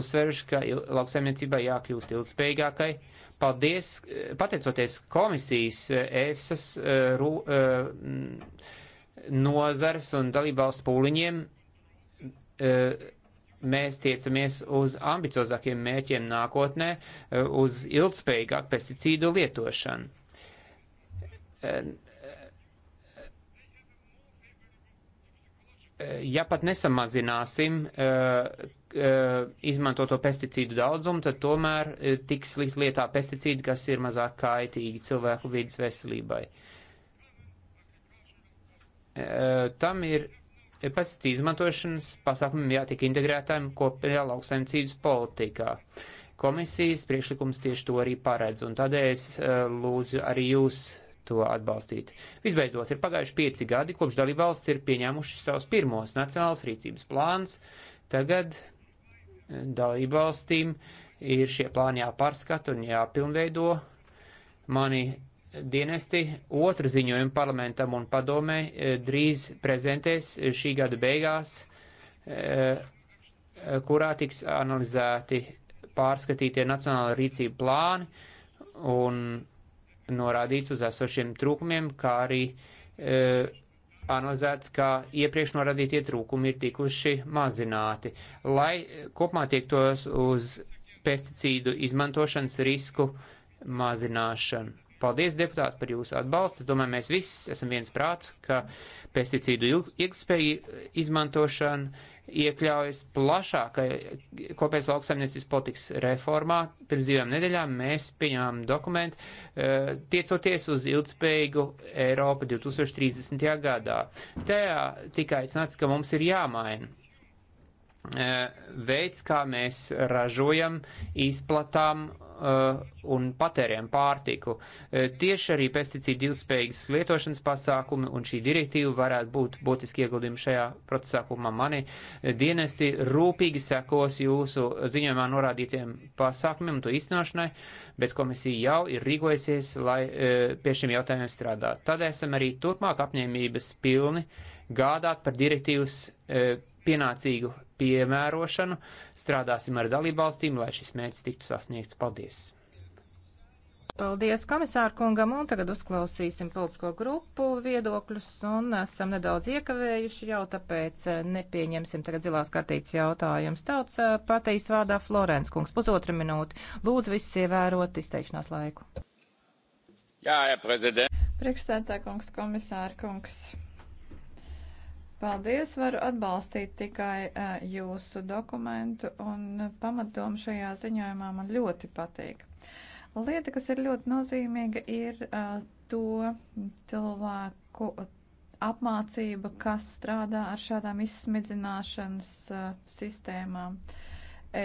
uzsveruši, ka lauksaimniecībai jākļūst ilgspējīgākai. Paldies, eh, pateicoties komisijas, eh, EFSAS, eh, rū, nozars un dalībvalstu pūliņiem, mēs tiecamies uz ambiciozākiem mērķiem nākotnē, uz ilgspējīgāku pesticīdu lietošanu. Ja pat nesamazināsim Eh, izmantoto pesticīdu daudzumu, tad tomēr eh, tiks likt lietā pesticīdi, kas ir mazāk kaitīgi cilvēku vidas veselībai. Eh, tam ir pesticīdu izmantošanas pasākumiem jātiek integrētājiem kopējā lauksaimniecības politikā. Komisijas priekšlikums tieši to arī paredz, un tādēļ es lūdzu arī jūs to atbalstīt. Visbeidzot, ir pagājuši pieci gadi, kopš dalībvalsts ir pieņēmuši savus pirmos nacionālus rīcības plāns. Tagad dalībvalstīm ir šie plāni jāpārskata un jāpilnveido. Mani dienesti otru ziņojumu parlamentam un padomē eh, drīz prezentēs eh, šī gada beigās, eh, kurā tiks analizēti pārskatītie nacionāla rīcība plāni un norādīts uz esošiem trūkumiem, kā arī analizēts, ka iepriekš norādītie trūkumi ir tikuši mazināti, lai kopumā tiektos uz pesticīdu izmantošanas risku mazināšanu. Paldies, deputāti, par jūsu atbalstu. Es domāju, mēs visi esam viens prāts, ka pesticīdu ilgspēju izmantošana iekļaujas plašākai kopējas lauksaimniecības politikas reformā. Pirms divām nedēļām mēs pieņēmām dokumentu eh, tiecoties uz ilgspējīgu Eiropu 2030. gadā. Tajā tika aicināts, ka mums ir jāmaina eh, veids, kā mēs ražojam, izplatām Uh, un patēriem pārtiku. Uh, tieši arī pesticīdu ilgspējīgas lietošanas pasākumi un šī direktīva varētu būt būtiski ieguldījumi šajā procesā, kumā mani uh, dienesti rūpīgi sekos jūsu ziņojumā norādītiem pasākumiem un to izcināšanai, bet komisija jau ir rīkojusies, lai pie šiem jautājumiem strādātu. Tādēļ esam arī turpmāk apņēmības pilni gādāt par direktīvas pienācīgu piemērošanu, strādāsim ar dalībvalstīm, lai šis mērķis tiktu sasniegts. Paldies! Paldies komisāru kungam, un tagad uzklausīsim politisko grupu viedokļus, un esam nedaudz iekavējuši jau, tāpēc eh, nepieņemsim tagad zilās kartītes jautājumus. Tauts eh, partijas vārdā Florence kungs, pusotra minūte. Lūdzu visus ievērot izteikšanās laiku. Jā, jā, prezident. Priekšstādā kungs, komisāra kungs. Paldies, varu atbalstīt tikai uh, jūsu dokumentu un pamatdomu šajā ziņojumā man ļoti patīk. Lieta, kas ir ļoti nozīmīga, ir uh, to cilvēku apmācība, kas strādā ar šādām izsmidzināšanas uh, sistēmām.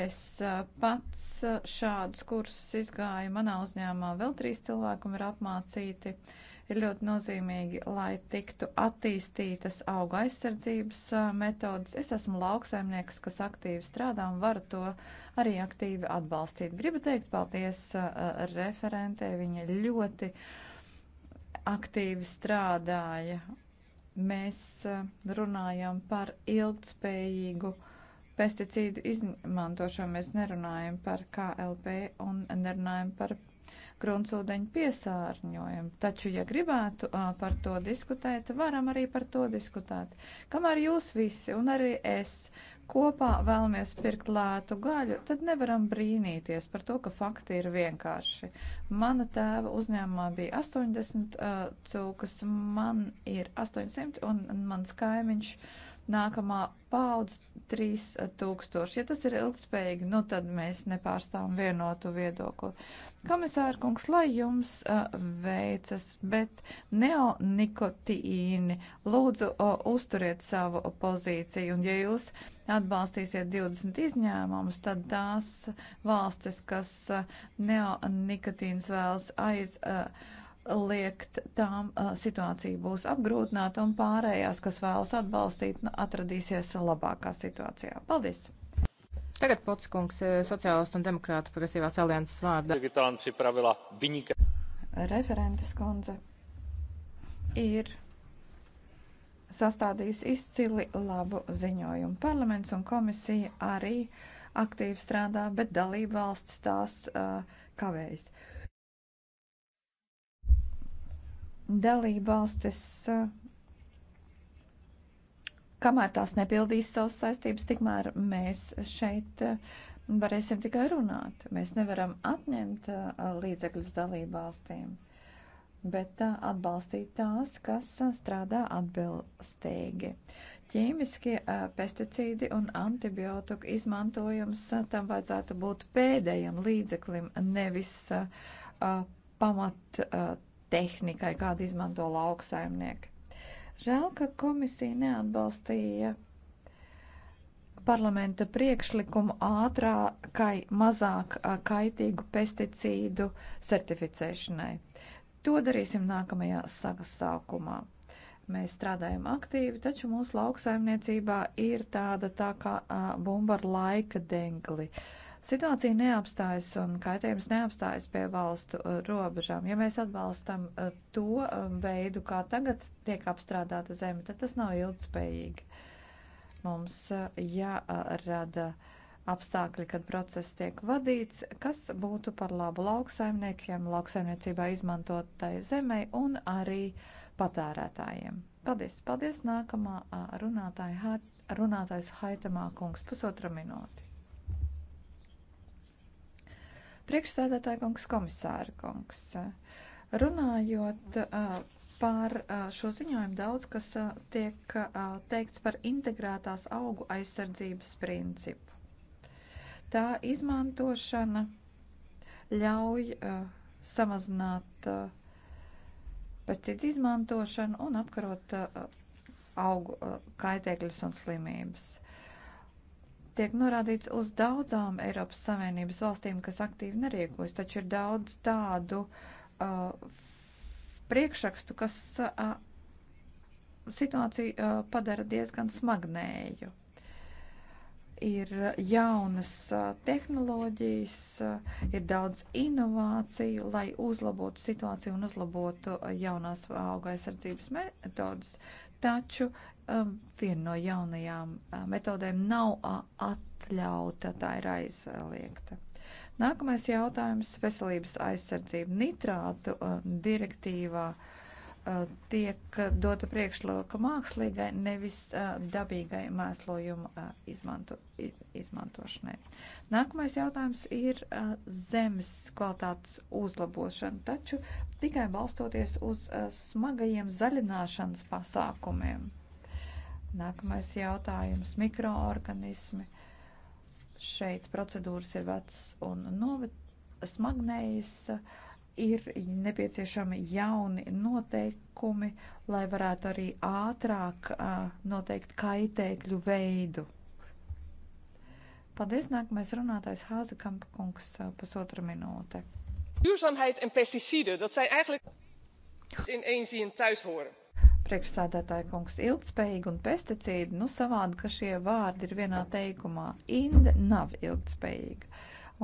Es uh, pats uh, šādus kursus izgāju manā uzņēmumā, vēl trīs cilvēkam ir apmācīti. Uh, ir ļoti nozīmīgi, lai tiktu attīstītas auga aizsardzības metodas. Es esmu lauksaimnieks, kas aktīvi strādā un varu to arī aktīvi atbalstīt. Gribu teikt paldies referentē, viņa ļoti aktīvi strādāja. Mēs runājam par ilgtspējīgu pesticīdu izmantošanu. Mēs nerunājam par KLP un nerunājam par gruntsūdeņu piesārņojumu. Taču, ja gribētu par to diskutēt, varam arī par to diskutēt. Kamēr jūs visi un arī es kopā vēlamies pirkt lētu gaļu, tad nevaram brīnīties par to, ka fakti ir vienkārši. Mana tēva uzņēmumā bija 80 uh, cūkas, man ir 800 un mans kaimiņš. Uh, nākamā paudze 3000. Ja tas ir ilgspējīgi, nu tad mēs nepārstāvam vienotu viedokli. Komisāra kungs, lai jums uh, veicas, bet neonikotīni lūdzu uh, uzturiet savu pozīciju, un ja jūs atbalstīsiet 20 izņēmumus, tad tās valstis, kas uh, neonikotīns vēlas aiz. Uh, liekt tām situācija būs apgrūtināta un pārējās, kas vēlas atbalstīt, nu, atradīsies labākā situācijā. Paldies! Tagad pats kungs sociālistu un demokrātu progresīvās alianses vārdā. Referentes kundze ir sastādījusi izcili labu ziņojumu. Parlaments un komisija arī aktīvi strādā, bet dalība valsts tās uh, kavējas. Uh, dalībvalstis, eh, kamēr tās nepildīs savas saistības, tikmēr mēs šeit eh, varēsim tikai runāt. Mēs nevaram atņemt eh, līdzekļus dalībvalstīm, bet atbalstīt tās, kas strādā atbilstīgi. Ķīmiskie pesticīdi un antibiotiku izmantojums tam vajadzētu būt pēdējam līdzeklim, nevis pamat tehnikai, kādu izmanto lauksaimnieki. Žēl, ka komisija neatbalstīja parlamenta priekšlikumu ātrākai mazāk kaitīgu pesticīdu certificēšanai. To darīsim nākamajā sasaukumā. Mēs strādājam aktīvi, taču mūsu lauksaimniecībā ir tāda tā kā bumba ar laika dengli. Uh, Situācija neapstājas un kaitējums neapstājas pie valstu uh, robežām. Ja mēs atbalstam uh, to um, veidu, kā tagad tiek apstrādāta zeme, tad tas nav ilgspējīgi. Mums uh, jārada apstākļi, kad process tiek vadīts, kas būtu par labu lauksaimniekiem, lauksaimniecībā izmantotai zemei un arī patērētājiem. Paldies! Paldies! Nākamā runātāja, runātājs Haitamā kungs pusotra minūte. Priekšsēdētāja kungs, komisāra kungs, runājot par šo ziņojumu daudz, kas tiek teikts par integrētās augu aizsardzības principu. Tā izmantošana ļauj samazināt pesticīdu izmantošanu un apkarot augu kaitēkļus un slimības tiek norādīts uz daudzām Eiropas Savienības valstīm, kas aktīvi nerīkojas, taču ir daudz tādu uh, priekšrakstu, kas uh, situāciju uh, padara diezgan smagnēju. Ir jaunas uh, tehnoloģijas, uh, ir daudz inovāciju, lai uzlabotu situāciju un uzlabotu uh, jaunās auga aizsardzības metodas, taču Um, viena no jaunajām uh, metodēm nav uh, atļauta, tā ir aizliegta. Nākamais jautājums - veselības aizsardzība nitrātu uh, direktīvā tiek dota priekšloka mākslīgai, nevis dabīgai mēslojuma izmanto, izmantošanai. Nākamais jautājums ir zemes kvalitātes uzlabošana, taču tikai balstoties uz smagajiem zaļināšanas pasākumiem Nākamais jautājums - mikroorganismi. Šeit procedūras ir vecs un noved, smagnējas. Ir nepieciešami jauni noteikumi, lai varētu arī ātrāk uh, noteikt kaitēkļu veidu. Paldies, nākamais runātājs Hāzekampa kungs, uh, pusotra minūte. Duurzaamheid en pesticīden, dat zijn eigenlijk in één zin thuis horen. Priekšsādātāja kungs ilgspējīgi un pesticīdi, nu savādi, ka šie vārdi ir vienā teikumā. Inde nav ilgspējīga.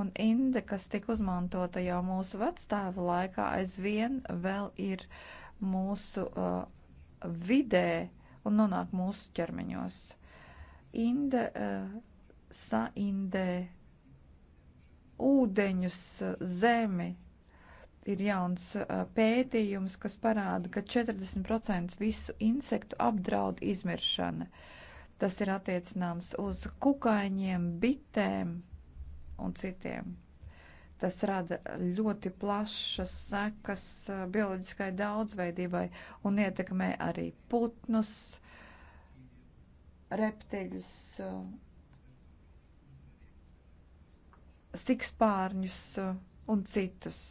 Un inde, kas tika uzmantota jau mūsu vecstāvu laikā, aizvien vēl ir mūsu uh, vidē un nonāk mūsu ķermeņos. Inde uh, saindē ūdeņus, zemi, ir jauns pētījums, kas parāda, ka 40% visu insektu apdraud izmiršana. Tas ir attiecināms uz kukaiņiem, bitēm un citiem. Tas rada ļoti plašas sekas bioloģiskai daudzveidībai un ietekmē arī putnus, reptiļus, stikspārņus un citus.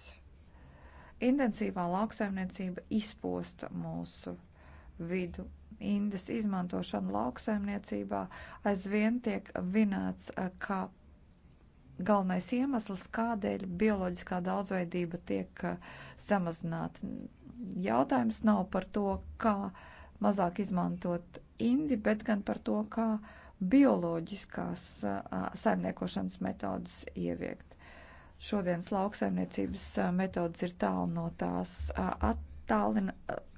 Intensīvā lauksaimniecība izposta mūsu vidu. Indas izmantošana lauksaimniecībā aizvien tiek vinēts eh, kā galvenais iemesls, kādēļ bioloģiskā daudzveidība tiek eh, samazināta. Jautājums nav par to, kā mazāk izmantot indi, bet gan par to, kā bioloģiskās eh, saimniekošanas metodas ieviegt. Šodienas lauksaimniecības metodas ir tālu no tās, attālina,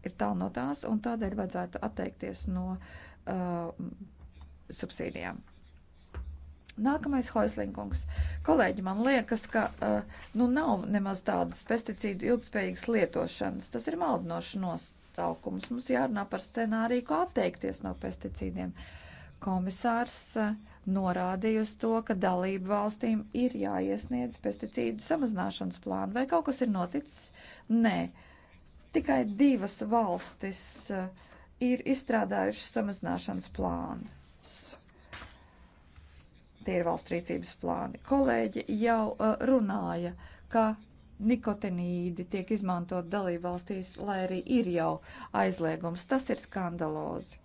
ir tālu no tās, un tādēļ vajadzētu atteikties no uh, subsīdijām. Nākamais hoislinkungs. Kolēģi, man liekas, ka uh, nu nav nemaz tādas pesticīdu ilgspējīgas lietošanas. Tas ir maldinošs nosaukums. Mums jārunā par scenāriju, kā atteikties no pesticīdiem. Uh, komisārs e, norādīja uz to, ka dalību valstīm ir jāiesniedz pesticīdu samazināšanas plānu. Vai kaut kas ir noticis? Nē. Tikai divas valstis e, ir izstrādājušas samazināšanas plānus. Tie ir valstu rīcības plāni. Kolēģi jau e, runāja, ka nikotinīdi tiek izmantot dalību valstīs, lai arī ir jau aizliegums. Tas ir skandalozi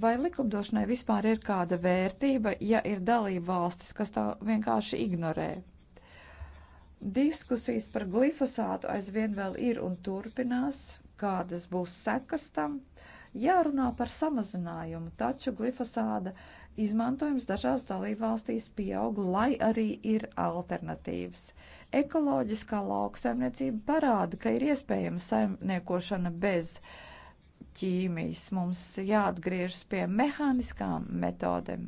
Vai likumdošanai vispār ir kāda vērtība, ja ir dalība valstis, kas tā vienkārši ignorē? Diskusijas par glifosātu aizvien vēl ir un turpinās, kādas būs sekas tam. Jārunā par samazinājumu, taču glifosāda izmantojums dažās dalībvalstīs pieaug, lai arī ir alternatīvas. Ekoloģiskā lauksaimniecība parāda, ka ir iespējama saimniekošana bez uh, ķīmijas. Mums jāatgriežas pie mehāniskām metodēm.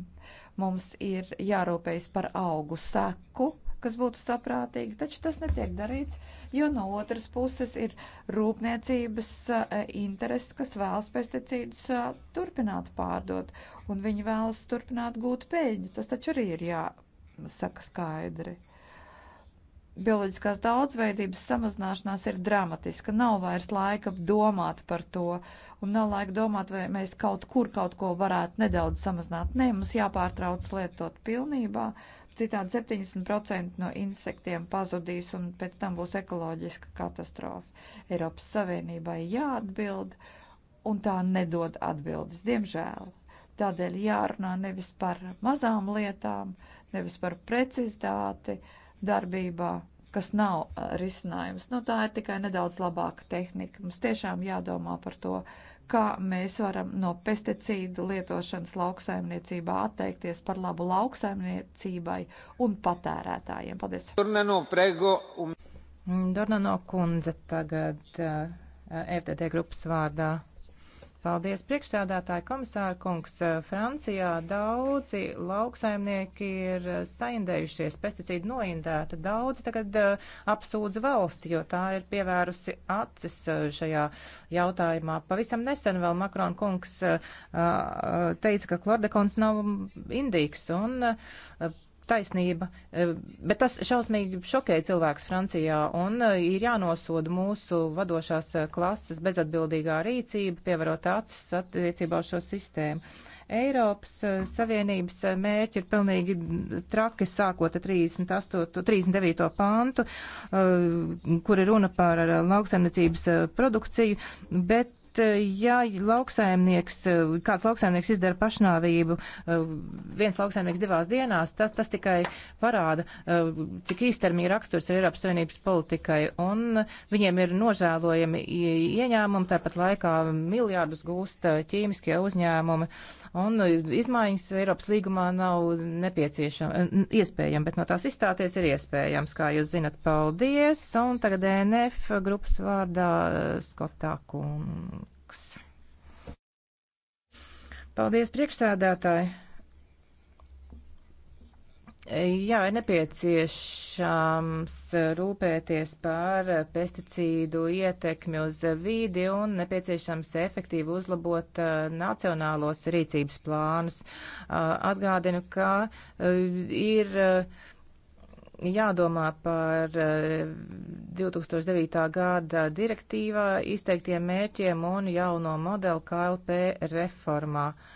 Mums ir jārūpējas par augu seku, kas būtu saprātīgi, taču tas netiek darīts, jo no otras puses ir rūpniecības eh, intereses, kas vēlas pesticīdus eh, turpināt pārdot, un viņi vēlas turpināt gūt peļņu. Tas taču arī ir jāsaka skaidri bioloģiskās daudzveidības samazināšanās ir dramatiska. Nav vairs laika domāt par to, un nav laika domāt, vai mēs kaut kur kaut ko varētu nedaudz samazināt. Nē, mums jāpārtrauc lietot pilnībā. Citādi 70% no insektiem pazudīs, un pēc tam būs ekoloģiska katastrofa. Eiropas Savienībai jāatbild, un tā nedod atbildes, diemžēl. Tādēļ jārunā nevis par mazām lietām, nevis par precizitāti darbībā, kas nav risinājums. Nu, tā ir tikai nedaudz labāka tehnika. Mums tiešām jādomā par to, kā mēs varam no pesticīdu lietošanas lauksaimniecībā atteikties par labu lauksaimniecībai un patērētājiem. Paldies! Dornano prego un... Dornano mm, kundze tagad FTT grupas vārdā. Paldies, priekšsēdētāji komisāra kungs. Eh, Francijā daudzi lauksaimnieki ir eh, saindējušies, pesticīdu noindēta. Daudzi tagad uh, apsūdz valsti, jo tā ir pievērusi acis uh, šajā jautājumā. Pavisam nesen vēl Makrona kungs uh, teica, ka klordekons nav indīgs un taisnība, e, bet tas šausmīgi šokēja cilvēks Francijā un e, ir jānosoda mūsu vadošās e, klases bezatbildīgā rīcība, pievarot acis attiecībā uz šo sistēmu. Eiropas Savienības mērķi ir pilnīgi traki, sākot ar 38, 39. pantu, kur ir runa par lauksaimniecības produkciju, bet Eh, ja lauksaimnieks, eh, kāds lauksaimnieks izdara pašnāvību, eh, viens lauksaimnieks divās dienās, tas, tas tikai parāda, cik īstermīgi raksturs ir Eiropas Savienības politikai. Un viņiem ir nožēlojami ieņēmumi, tāpat laikā miljārdus gūst ķīmiskie uzņēmumi. Uh, un e, izmaiņas Eiropas līgumā nav nepieciešama, iespējama, bet no tās izstāties ir iespējams, kā jūs zinat, paldies, un tagad DNF e grupas vārdā e, Skotā kungs. Paldies, priekšsēdētāji! Jā, ir nepieciešams rūpēties par pesticīdu ietekmi uz vīdi un nepieciešams efektīvi uzlabot uh, nacionālos rīcības plānus. Uh, atgādinu, ka uh, ir jādomā par 2009. gada direktīvā izteiktiem mērķiem un jauno modelu KLP reformā. Uh,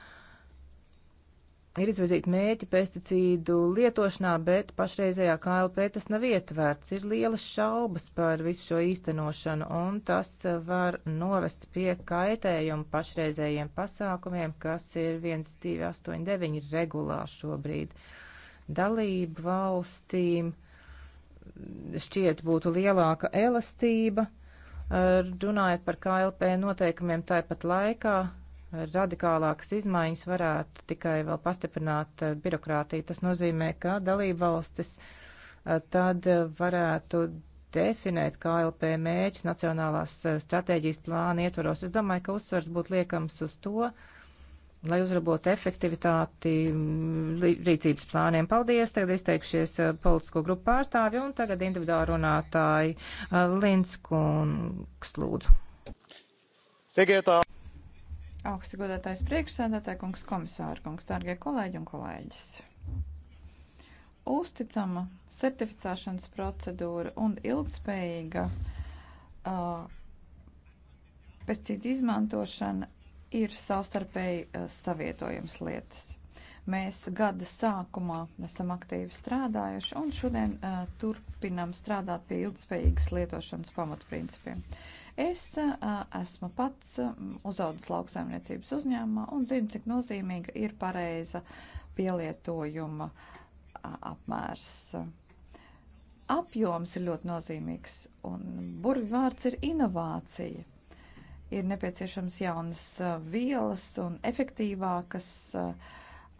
ir izvirzīti mērķi pesticīdu lietošanā, bet pašreizējā KLP tas nav ietverts. Ir lielas šaubas par visu šo īstenošanu, un tas var novest pie kaitējuma pašreizējiem pasākumiem, kas ir 1289 regulā šobrīd. Dalību valstīm šķiet būtu lielāka elastība, runājot par KLP noteikumiem tāpat laikā radikālākas izmaiņas varētu tikai vēl pastiprināt eh, birokrātiju. Tas nozīmē, ka dalībvalstis eh, tad varētu definēt KLP mēģis nacionālās eh, stratēģijas plāna ietvaros. Es domāju, ka uzsvars būtu liekams uz to, lai uzrabotu efektivitāti mm, rīcības plāniem. Paldies! Tagad izteikšies politisko grupu pārstāvi un tagad individuāli runātāji Linskungs lūdzu. Sigietā. Augsti godātais priekšsēdētāji, kungs komisāri, kungs dārgie kolēģi un kolēģis. Uzticama certificēšanas procedūra un ilgspējīga uh, pesticīdu izmantošana ir savstarpēji uh, savietojams lietas. Mēs gada sākumā esam aktīvi strādājuši un šodien uh, turpinam strādāt pie ilgspējīgas lietošanas pamatprincipiem. Uh, Es esmu pats uzaudzis lauksaimniecības uzņēmumā un zinu, cik nozīmīga ir pareiza pielietojuma apmērs. Apjoms ir ļoti nozīmīgs un burvi vārds ir inovācija ir nepieciešams jaunas vielas un efektīvākas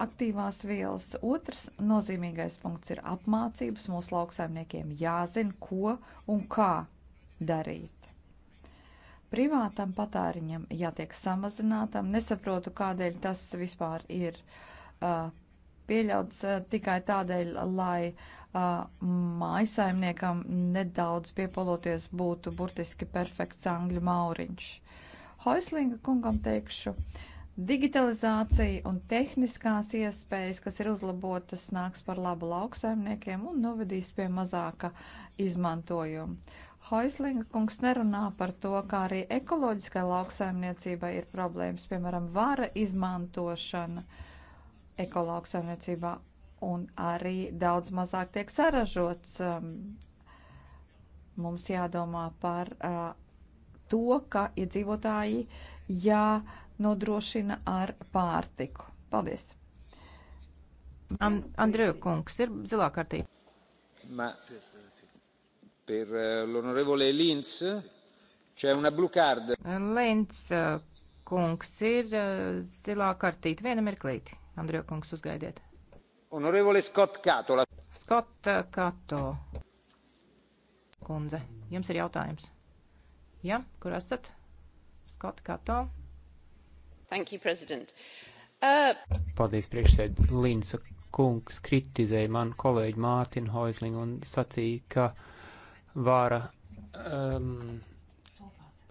aktīvās vielas. Otrs nozīmīgais punkts ir apmācības. Mūsu lauksaimniekiem jāzina, ko un kā darīt privātam patēriņam jātiek samazinātam. Nesaprotu, kādēļ tas vispār ir uh, pieļauts uh, tikai tādēļ, lai uh, mājasaimniekam nedaudz piepoloties būtu burtiski perfekts angļu mauriņš. Hoislinga kungam teikšu, digitalizācija un tehniskās iespējas, kas ir uzlabotas, nāks par labu lauksaimniekiem un novedīs pie mazāka izmantojuma Hoislinga kungs nerunā par to, kā arī ekoloģiskai lauksaimniecībai ir problēmas, piemēram, vara izmantošana ekolauksaimniecībā un arī daudz mazāk tiek saražots. Um, mums jādomā par uh, to, ka iedzīvotāji jānodrošina ar pārtiku. Paldies! And, Andreju kungs ir zilā kartīte. Per eh, l'onorevole Linz c'è una blue card. Linz eh, kungs ir eh, zilā kartīte. Viena mirklīte. Andrija kungs uzgaidiet. Onorevole Scott Katola. Scott Kato. Kundze, jums ir jautājums. Jā, ja, kur esat? Scott Kato. Thank you, President. Uh... Paldies, priekšsēd. Linsa kungs kritizēja manu kolēģi Mārtiņu Hoizlingu un sacīja, ka uh, vāra um,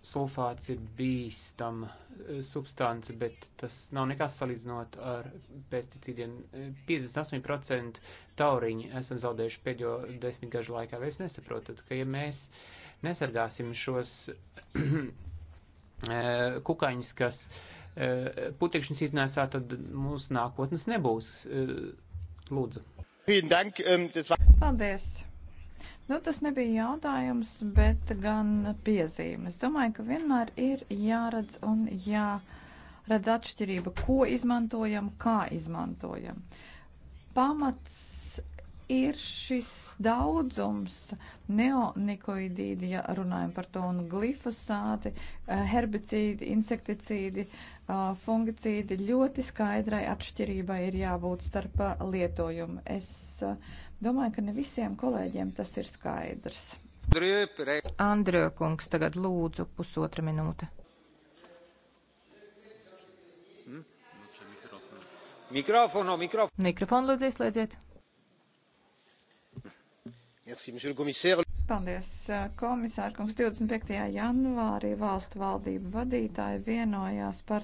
sulfāts ir bīstama uh, substance, bet tas nav nekas salīdzinot ar pesticīdiem. 58% uh, tauriņi esam zaudējuši pēdējo desmitgažu laikā. Vai jūs nesaprotat, ka ja mēs nesargāsim šos uh, kukaiņus, kas putekšņus iznēsā, tad mūsu nākotnes nebūs. Lūdzu. Ähm, Paldies! Nu, tas nebija jautājums, bet gan piezīme. Es domāju, ka vienmēr ir jāredz un jāredz atšķirība, ko izmantojam, kā izmantojam. Pamats ir šis daudzums neonikoidīdi, ja runājam par to, un glifosāti, eh, herbicīdi, insekticīdi, eh, fungicīdi. Ļoti skaidrai atšķirībai ir jābūt starp eh, lietojumu. Es Domāju, ka ne visiem kolēģiem tas ir skaidrs. Andrija kungs, tagad lūdzu pusotra minūte. Mikrofonu, mikrofonu. Mikrofonu lūdzu ieslēdziet. Merci, monsieur le commissaire. Paldies, komisārkungs. 25. janvārī valstu valdību vadītāji vienojās par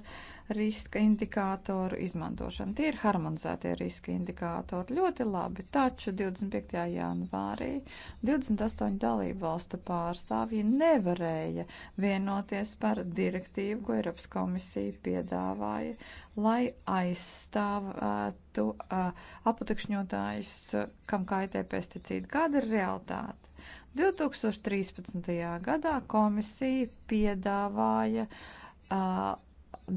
riska indikātoru izmantošanu. Tie ir harmonizētie riska indikātori. Ļoti labi, taču 25. janvārī 28 dalību valstu pārstāvji nevarēja vienoties par direktīvu, ko Eiropas komisija piedāvāja, lai aizstāvētu apatukšņotājus, kam kaitē pesticīdi. Kāda ir realitāte? 2013. gadā komisija piedāvāja uh,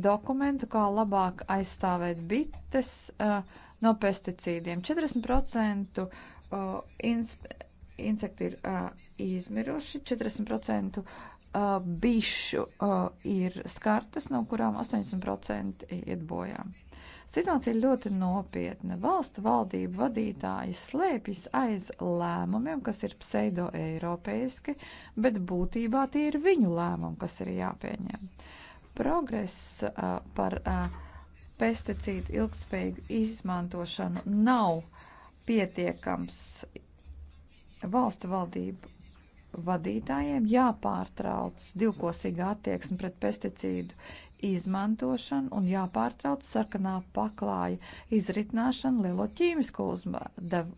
dokumentu, kā labāk aizstāvēt bites uh, no pesticīdiem. 40% uh, ins insekti ir uh, izmiruši, 40% uh, bišu uh, ir skartas, no kurām 80% iet bojām. Situācija ir ļoti nopietna. Valstu valdību vadītāji slēpjas aiz lēmumiem, kas ir pseido-eiropeiski, bet būtībā tie ir viņu lēmumi, kas ir jāpieņem. Progress uh, par uh, pesticīdu ilgspējīgu izmantošanu nav pietiekams valstu valdību vadītājiem jāpārtrauc divkosīga attieksme pret pesticīdu izmantošana un jāpārtrauc sarkanā paklāja izritināšana lielo ķīmisko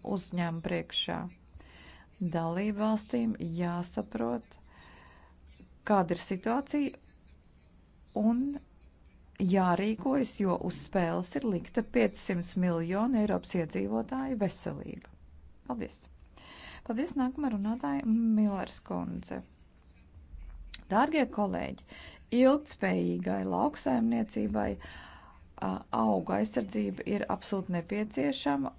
uzņēmumu priekšā. Dalību valstīm jāsaprot, kāda ir situācija un jārīkojas, jo uz spēles ir likta 500 miljonu Eiropas iedzīvotāju veselība. Paldies! Paldies nākamā runātāja Millers kundze. Dārgie kolēģi, ilgtspējīgai lauksaimniecībai auga aizsardzība ir absolūti nepieciešama.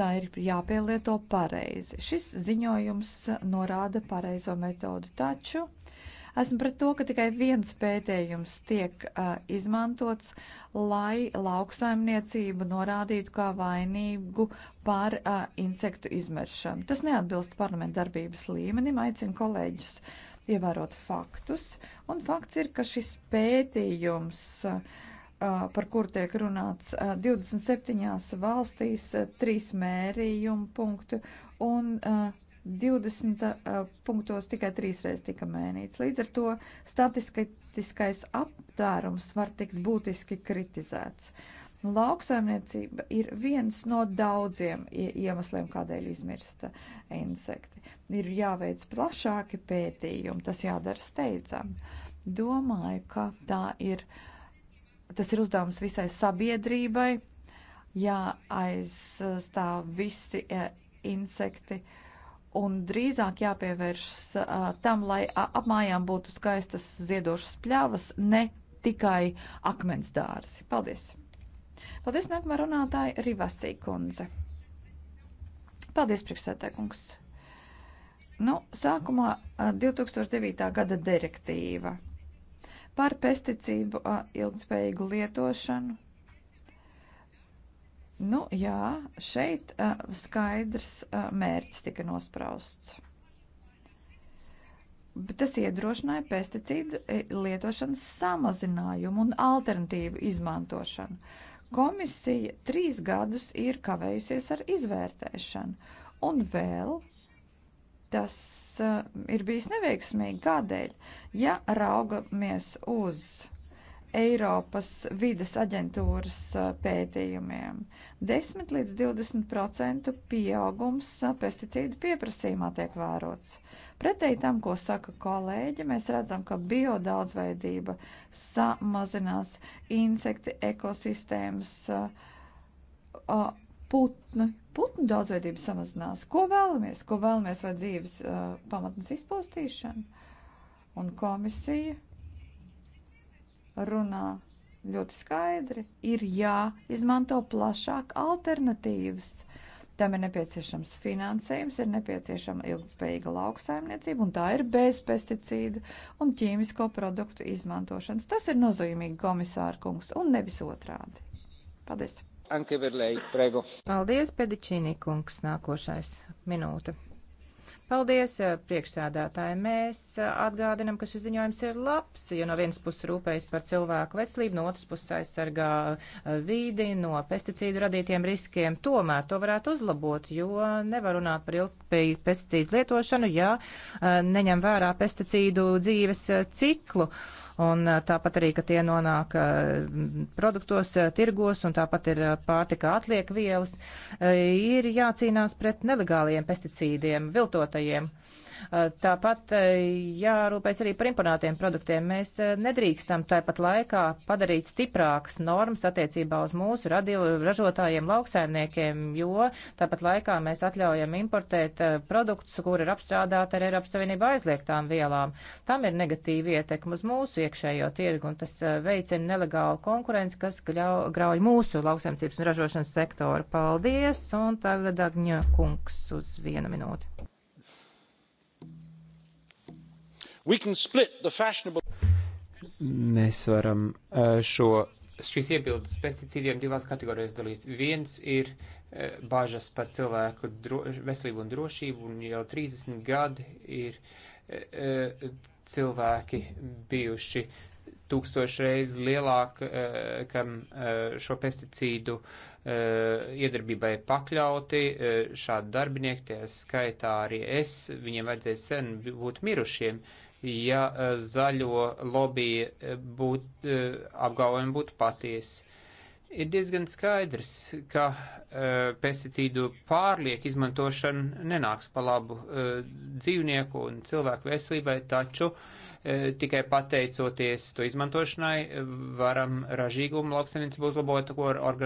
Tā ir jāpielieto pareizi. Šis ziņojums norāda pareizo metodi, taču esmu pret to, ka tikai viens pētījums tiek uh, izmantots, lai lauksaimniecību norādītu kā vainīgu par uh, insektu izmeršanu. Tas neatbilst parlamentu darbības līmenim, aicinu kolēģus uh, ievērot faktus. Un fakts ir, ka šis pētījums, par kuru tiek runāts 27 valstīs, trīs mērījumu punktu un 20 punktos tikai trīsreiz tika mēnīts. Līdz ar to statistiskais aptvērums var tikt būtiski kritizēts. Uh, Nu, lauksaimniecība ir viens no daudziem iemesliem, kādēļ izmirst insekti. Ir jāveic plašāki pētījumi, tas jādara steidzam. Domāju, ka tā ir, tas ir uzdevums visai sabiedrībai, jāaizstāv visi e, insekti. Un drīzāk jāpievēršas uh, tam, lai apmājām būtu skaistas ziedošas pļavas, ne tikai akmens dārzi. Paldies! Paldies, nākamā runātāja Rivasī kundze. Paldies, priekšsētēkungs. Nu, sākumā 2009. gada direktīva par pesticīdu ilgspējīgu lietošanu. Nu, jā, šeit skaidrs mērķis tika nosprausts. Bet tas iedrošināja pesticīdu e, lietošanas samazinājumu un alternatīvu izmantošanu. Uh, Komisija trīs gadus ir kavējusies ar izvērtēšanu, un vēl tas uh, ir bijis neveiksmīgi. Kādēļ? Ja raugamies uz Eiropas vides aģentūras pētījumiem. 10 līdz 20 procentu pieaugums pesticīdu pieprasījumā tiek vērots. Pretēji tam, ko saka kolēģi, mēs redzam, ka biodaudzveidība samazinās, insekti ekosistēmas, putni, putnu daudzveidība samazinās. Ko vēlamies? Ko vēlamies vai dzīves pamatnes izpostīšana? Un komisija runā ļoti skaidri, ir jāizmanto plašāk alternatīvas. Tam ir nepieciešams finansējums, ir nepieciešama ilgspējīga lauksaimniecība, un tā ir bez pesticīdu un ķīmisko produktu izmantošanas. Tas ir nozīmīgi, komisāra kungs, un nevis otrādi. Paldies! Anke Verlei, prego. Paldies, Pedičīnī kungs, nākošais minūte. Paldies, eh, priekšsēdētāji. Mēs eh, atgādinam, ka šis ziņojums ir labs, jo no vienas puses rūpējas par cilvēku veselību, no otras puses aizsargā eh, vīdi no pesticīdu radītiem riskiem. Tomēr to varētu uzlabot, jo nevar runāt par ilgspējīgu pesticīdu lietošanu, ja neņem vērā pesticīdu dzīves ciklu. Un tāpat arī, ka tie nonāk produktos, tirgos un tāpat ir pārtika atliek vielas, ir jācīnās pret nelegāliem pesticīdiem, viltot lietotajiem. Eh, tāpat eh, jārūpēs arī par imponātiem produktiem. Mēs eh, nedrīkstam tāpat laikā padarīt stiprākas normas attiecībā uz mūsu radio, ražotājiem, lauksaimniekiem, jo tāpat laikā mēs atļaujam importēt produktus, kur ir apstrādāti ar Eiropas Savienību aizliegtām vielām. Tam ir negatīva ietekma uz mūsu iekšējo tirgu, un tas veicina nelegālu konkurenci, kas grauj mūsu lauksaimniecības un ražošanas sektoru. Paldies, un tagad Agņa kungs uz vienu minūti. Fashionable... Mēs varam eh, šo, šīs iebildes pesticīdiem divās kategorijās dalīt. Viens ir eh, bažas par cilvēku dro, veselību un drošību, un jau 30 gadi ir eh, cilvēki bijuši tūkstoši reizes lielākam šo pesticīdu iedarbībai pakļauti. Šādi darbinieki, tie skaitā arī es, viņiem vajadzēja sen būt mirušiem. Uh, ja e, zaļo lobby e, būt, e, apgalvojumi būtu patiesi. Ir diezgan skaidrs, ka pesticīdu pārlieku izmantošana nenāks pa labu dzīvnieku un cilvēku veselībai, taču tikai pateicoties to izmantošanai varam ražīgumu lauksaimniecību uzlabot, ko ar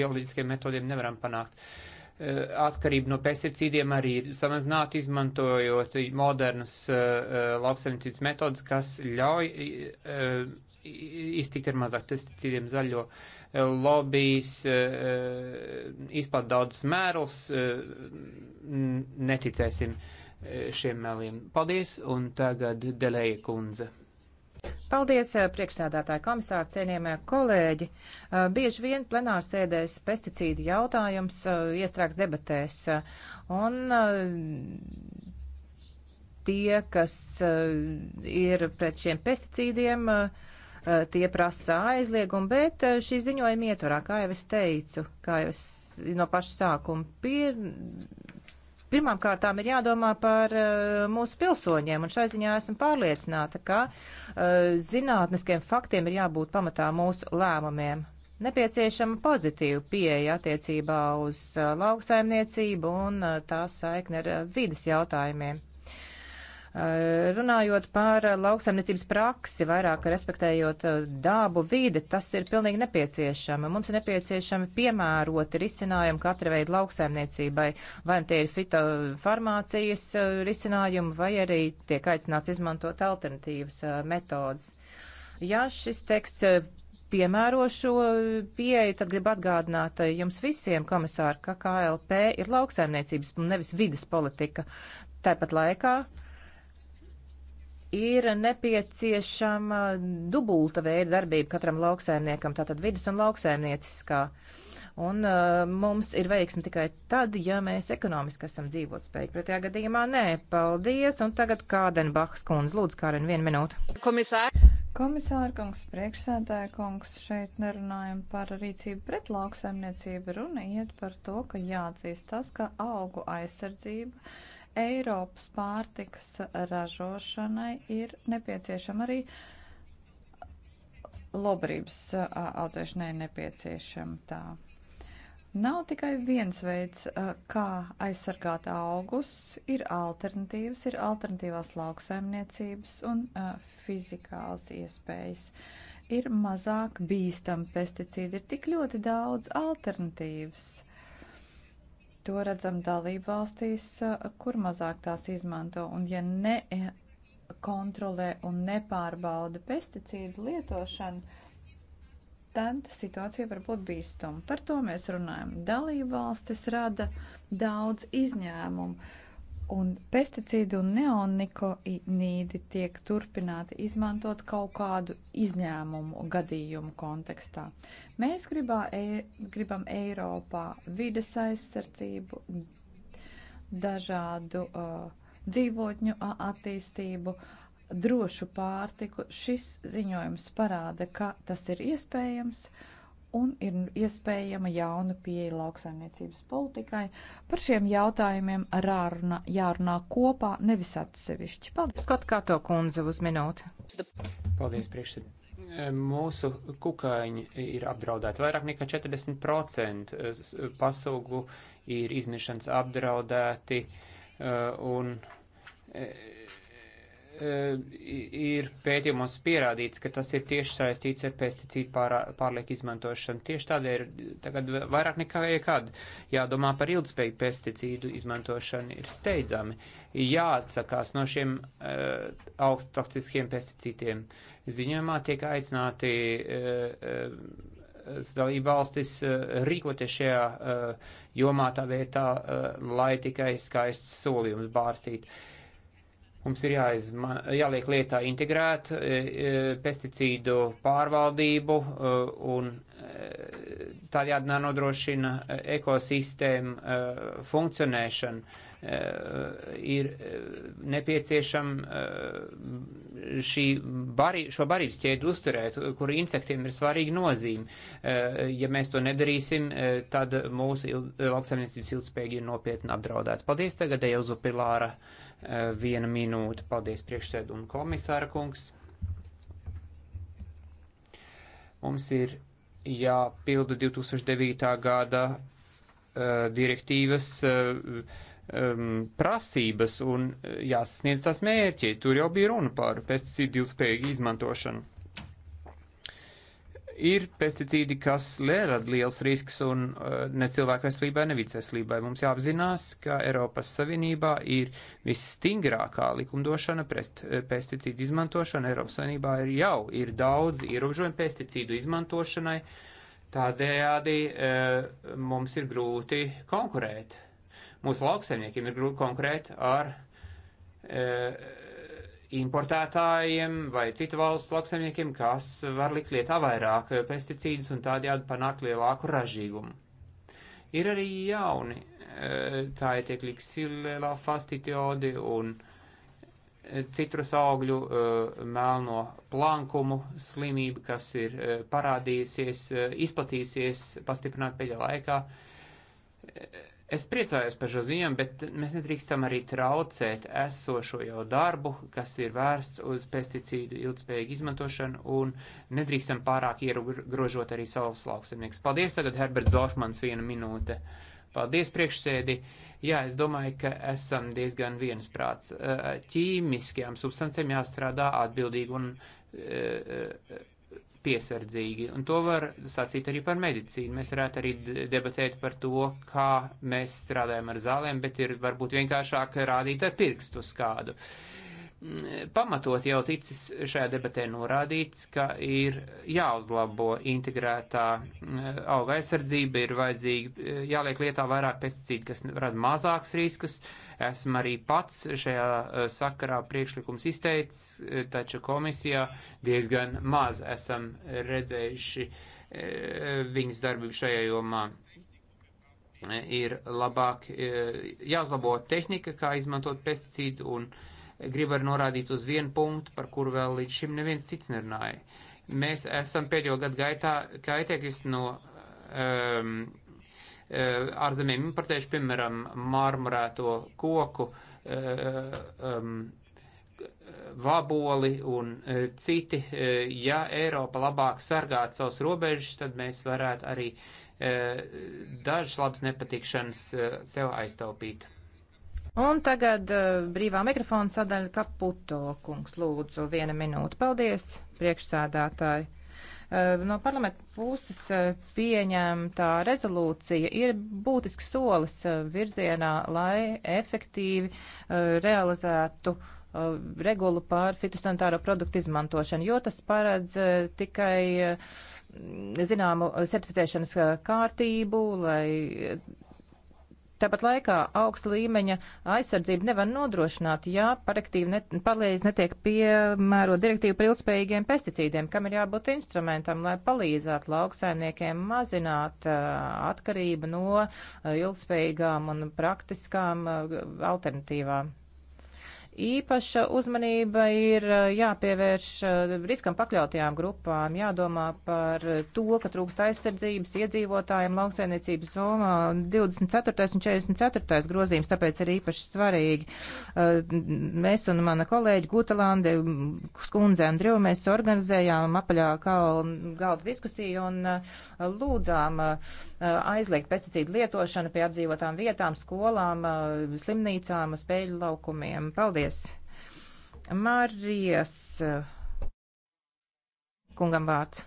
bioloģiskiem metodiem nevaram panākt. Uh, Eh, atkarību no pesticīdiem arī ir samazināta, izmantojot modernas uh, lauksaimniecības metodas, kas ļauj uh, iztikt ar mazāk pesticīdiem zaļo lobbyis, uh, izplat daudz mērls, neticēsim šiem meliem. Paldies, un tagad Delēja kundze. Paldies, eh, priekšsēdētāji komisāri, cienījamie kolēģi. Eh, bieži vien plenārsēdēs pesticīdu jautājums eh, iestrēgs debatēs. Un tie, kas ir pret šiem pesticīdiem, tie prasa aizliegumu, bet šī ziņojuma ietvarā, kā jau es teicu, kā jau es no paša sākuma pir, Pirmām kārtām ir jādomā par eh, mūsu pilsoņiem, un šai ziņā esmu pārliecināta, ka eh, zinātniskiem faktiem ir jābūt pamatā mūsu lēmumiem nepieciešama pozitīva pieeja attiecībā uz eh, lauksaimniecību un tās saikni ar vidas jautājumiem. Eh, runājot par lauksaimniecības praksi, vairāk respektējot eh, dabu vidi, tas ir pilnīgi nepieciešama. Mums ir nepieciešami piemēroti risinājumi katra veida lauksaimniecībai, vai tie ir fitofarmācijas eh, risinājumi, vai arī tiek aicināts izmantot alternatīvas metodas. Ja šis teksts piemēro šo pieeju, tad gribu atgādināt jums visiem, komisāri, ka KLP ir lauksaimniecības un nevis vidas politika. Tāpat laikā uh, ir nepieciešama dubulta veida darbība katram lauksēmniekam, tātad vidus un lauksēmnieciskā. Un uh, mums ir veiksmi tikai tad, ja mēs ekonomiski esam dzīvot spēju. Pretējā gadījumā nē. Paldies. Un tagad Kādenbachs kundze. Lūdzu, Kāren, vienu minūtu. Komisāri. Komisāra kungs, priekšsēdāja kungs, šeit nerunājam par rīcību pret lauksaimniecību. Runa iet par to, ka jāatzīst tas, ka augu aizsardzība Eiropas pārtiks ražošanai ir nepieciešama arī lobrības audzēšanai nepieciešama tā. Nav tikai viens veids, kā aizsargāt augus, ir alternatīvas, ir alternatīvās lauksaimniecības un fizikāls iespējas. Ir mazāk bīstami pesticīdi, ir tik ļoti daudz alternatīvas. Uh, To redzam dalību valstīs, kur mazāk tās izmanto. Un ja ne e, kontrolē un nepārbauda pesticīdu lietošanu, tad situācija var būt bīstama. Par to mēs runājam. Dalību valstis rada daudz izņēmumu un pesticīdi un neonikoīdi tiek turpināti izmantot kaut kādu izņēmumu gadījumu kontekstā. Mēs gribā, e, gribam Eiropā vides aizsardzību, dažādu uh, dzīvotņu attīstību, drošu pārtiku. Šis ziņojums parāda, ka tas ir iespējams. Uh, un ir iespējama jauna pieeja lauksaimniecības politikai. Par šiem jautājumiem rāruna, jārunā kopā, nevis atsevišķi. Paldies! Skot kā to kundze uz minūti. Paldies, priekšsēd. Eh, mūsu kukaiņi ir apdraudēti. Vairāk nekā 40% eh, pasaugu ir izmišanas apdraudēti eh, un Eh, ir pētījumos pierādīts, ka tas ir tieši saistīts ar pesticīdu pār, pārlieku izmantošanu. Tieši tādēļ ir tagad vairāk nekā jebkad jādomā par ilgspējīgu pesticīdu izmantošanu ir steidzami. Jāatsakās no šiem uh, eh, augsttoksiskiem pesticīdiem. Ziņojumā tiek aicināti uh, eh, uh, dalību valstis uh, rīkoties šajā uh, jomā tā vietā, uh, lai tikai skaists solījums bārstītu. Uh, Mums ir jāizma, jāliek lietā integrēt e, e, pesticīdu pārvaldību e, un tādējādi nodrošina ekosistēmu funkcionēšanu Eh, ir eh, nepieciešama eh, barī, šo barības ķēdi uzturēt, kur insektiem ir svarīga nozīme. Ja mēs to nedarīsim, tad mūsu lauksaimniecības ilgspējīgi ir nopietni apdraudēta. Paldies tagad, Elzu Pilāra, viena minūte. Paldies priekšsēdu un komisāra kungs. Mums ir jāpilda 2009. gada direktīvas uh, um, prasības un jāsasniedz tās mērķi. Tur jau bija runa par pesticīdu ilgspējīgu izmantošanu. Ir pesticīdi, kas lerad liels risks un uh, ne cilvēku veselībai, ne viceslībai. Mums jāapzinās, ka Eiropas Savienībā ir visstingrākā likumdošana pret uh, pesticīdu izmantošanu. Eiropas Savienībā ir jau ir daudz ierobežojumu pesticīdu izmantošanai, tādējādi uh, mums ir grūti konkurēt uh, Mūsu lauksaimniekiem ir grūti konkurēt ar e, importētājiem vai citu valstu lauksaimniekiem, kas var likt lietā vairāk pesticīdus un tādējādi panākt lielāku ražīgumu. Ir arī jauni kaitēkļi e, ksilēlā fastitiodi un e, citrus augļu e, melno plankumu slimība, kas ir parādījusies, izplatījusies pastiprināt pēļa laikā. Es priecājos par šo ziņām, bet mēs nedrīkstam arī traucēt esošo jau darbu, kas ir vērsts uz pesticīdu ilgspējīgu izmantošanu, un nedrīkstam pārāk ierobežot arī savus lauksemniekus. Paldies, tagad Herberts Dorfmans viena minūte. Paldies, priekšsēdi. Jā, es domāju, ka esam diezgan viensprāts. Ķīmiskajām substancēm jāstrādā atbildīgi un piesardzīgi. Un to var sacīt arī par medicīnu. Mēs varētu arī debatēt par to, kā mēs strādājam ar zālēm, bet ir varbūt vienkāršāk rādīt ar pirkstu uz kādu. Uh, pamatot jau ticis šajā debatē norādīts, ka ir jāuzlabo integrētā eh, auga aizsardzība, ir vajadzīgi eh, jāliek lietā vairāk pesticīdu, kas rada mazākus riskus. Esmu arī pats šajā eh, sakarā priekšlikums izteicis, taču komisijā diezgan maz esam redzējuši viņas darbību šajā jomā ir labāk jāuzlabo tehnika, kā izmantot pesticīdu, un gribu arī norādīt uz vienu punktu, par kuru vēl līdz šim neviens cits nerunāja. Mēs esam pēdējo gadu gaitā kaitēkļus no um, uh, ārzemēm importējuši, piemēram, marmorēto koku, uh, um, vaboli un uh, citi. Ja Eiropa labāk sargātu savus robežus, tad mēs varētu arī dažas labas nepatikšanas sev aiztaupīt. Un tagad uh, brīvā mikrofona sadaļa Kaputo kungs. Lūdzu, viena minūte. Paldies, priekšsēdētāji. Uh, no parlamenta puses uh, pieņemtā rezolūcija ir būtisks solis uh, virzienā, lai efektīvi uh, realizētu uh, regulu pār fitosanitāro produktu izmantošanu, jo tas paredz tikai zināmu certificēšanas kārtību, lai Tāpat laikā augsta līmeņa aizsardzība nevar nodrošināt, ja parektīvi net, palīdz netiek piemēro direktīvu par ilgspējīgiem pesticīdiem, kam ir jābūt instrumentam, lai palīdzētu lauksaimniekiem mazināt uh, atkarību no uh, ilgspējīgām un praktiskām uh, alternatīvām. Īpaša uzmanība ir eh, jāpievērš eh, riskam pakļautajām grupām, jādomā par to, ka trūkst aizsardzības iedzīvotājiem lauksainiecības zonā 24. un 44. grozījums, tāpēc ir īpaši svarīgi. Eh, mēs un mana kolēģi Gutelande, skundze Andriju, mēs organizējām apaļā galda diskusiju un lūdzām aizliegt pesticīdu lietošanu pie apdzīvotām vietām, skolām, slimnīcām, spēļu laukumiem. Paldies! Paldies! Marijas eh, kungam vārds.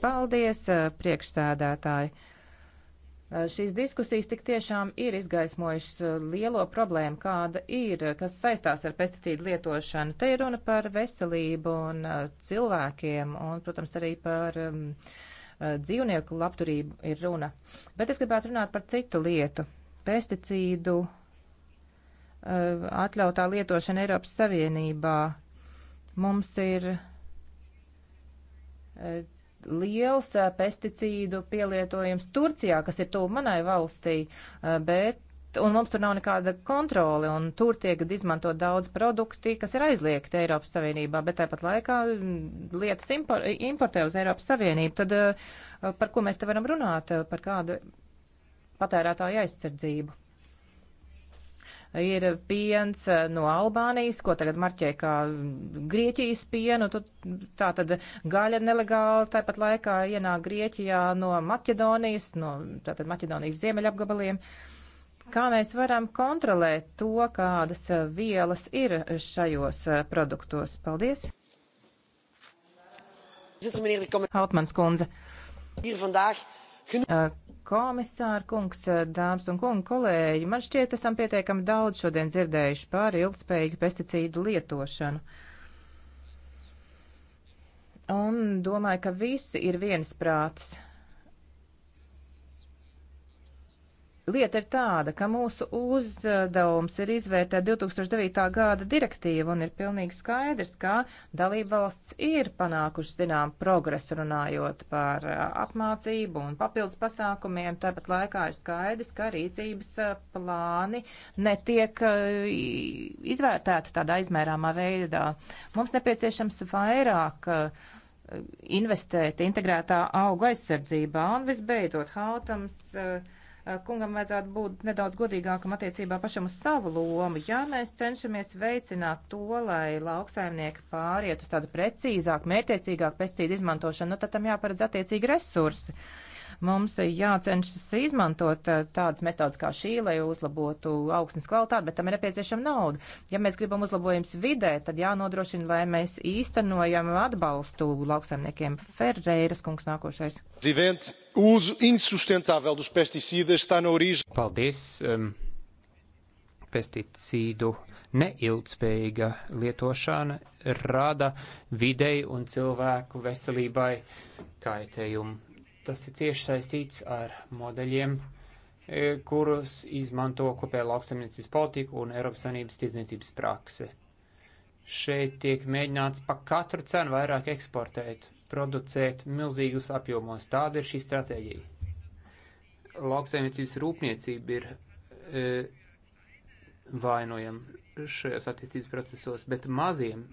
Paldies, eh, priekšsēdētāji! Eh, šīs diskusijas tik tiešām ir izgaismojušas lielo problēmu, kāda ir, kas saistās ar pesticīdu lietošanu. Te ir runa par veselību un cilvēkiem un, protams, arī par um, dzīvnieku labturību ir runa. Bet es gribētu runāt par citu lietu - pesticīdu Eh, atļautā lietošana Eiropas Savienībā. Mums ir eh, liels eh, pesticīdu pielietojums Turcijā, kas ir tuvu manai valstī, bet un mums tur nav nekāda kontrole, un tur tiek izmantot daudz produkti, kas ir aizliegti Eiropas Savienībā, bet tāpat laikā mm, lietas impor, importē uz Eiropas Savienību. Tad par ko mēs te varam runāt? Par kādu patērētāju aizsardzību? ir piens eh, no Albānijas, ko tagad marķē kā Grieķijas pienu. Tā tad gaļa nelegāli tāpat laikā ienāk Grieķijā no Maķedonijas, no tātad Maķedonijas ziemeļapgabaliem. Kā mēs varam kontrolēt to, kādas eh, vielas ir šajos eh, produktos? Paldies! Altmans kundze. Uh, Komisāra kungs, eh, dāmas un kungi, kolēģi, man šķiet, esam pietiekami daudz šodien dzirdējuši par ilgspējīgu pesticīdu lietošanu. Un domāju, ka visi ir viensprāts Lieta ir tāda, ka mūsu uzdevums ir izvērtēt 2009. gada direktīvu un ir pilnīgi skaidrs, ka dalībvalsts ir panākuši zinām progresu runājot par apmācību un papildus pasākumiem. Tāpat laikā ir skaidrs, ka rīcības plāni netiek izvērtēti tādā izmērāmā veidā. Mums nepieciešams vairāk investēt integrētā auga aizsardzībā un visbeidzot hautams. Uh, Eh, kungam vajadzētu būt nedaudz godīgākam attiecībā pašam uz savu lomu. Ja mēs cenšamies veicināt to, lai lauksaimnieki pāriet uz tādu precīzāku, mērķiecīgāku pesticīdu izmantošanu, nu, tad tam jāparedz attiecīgi resursi. Uh, Mums jācenšas izmantot eh, tādas metodas kā šī, lai uzlabotu augsnes kvalitāti, bet tam ir nepieciešama nauda. Ja mēs gribam uzlabojums vidē, tad jānodrošina, lai mēs īstenojam atbalstu lauksaimniekiem. Ferreiras kungs nākošais. Paldies. Um, pesticīdu neilgspējīga lietošana rada videi un cilvēku veselībai kaitējumu. Tas ir cieši saistīts ar modeļiem, e, kurus izmanto kopēja lauksaimniecības politika un Eiropas Savienības tirdzniecības prakse. Šeit tiek mēģināts pa katru cenu vairāk eksportēt, producēt milzīgus apjomos. Tāda ir šī stratēģija. Lauksaimniecības rūpniecība ir e, vainojama šajos attīstības procesos, bet maziem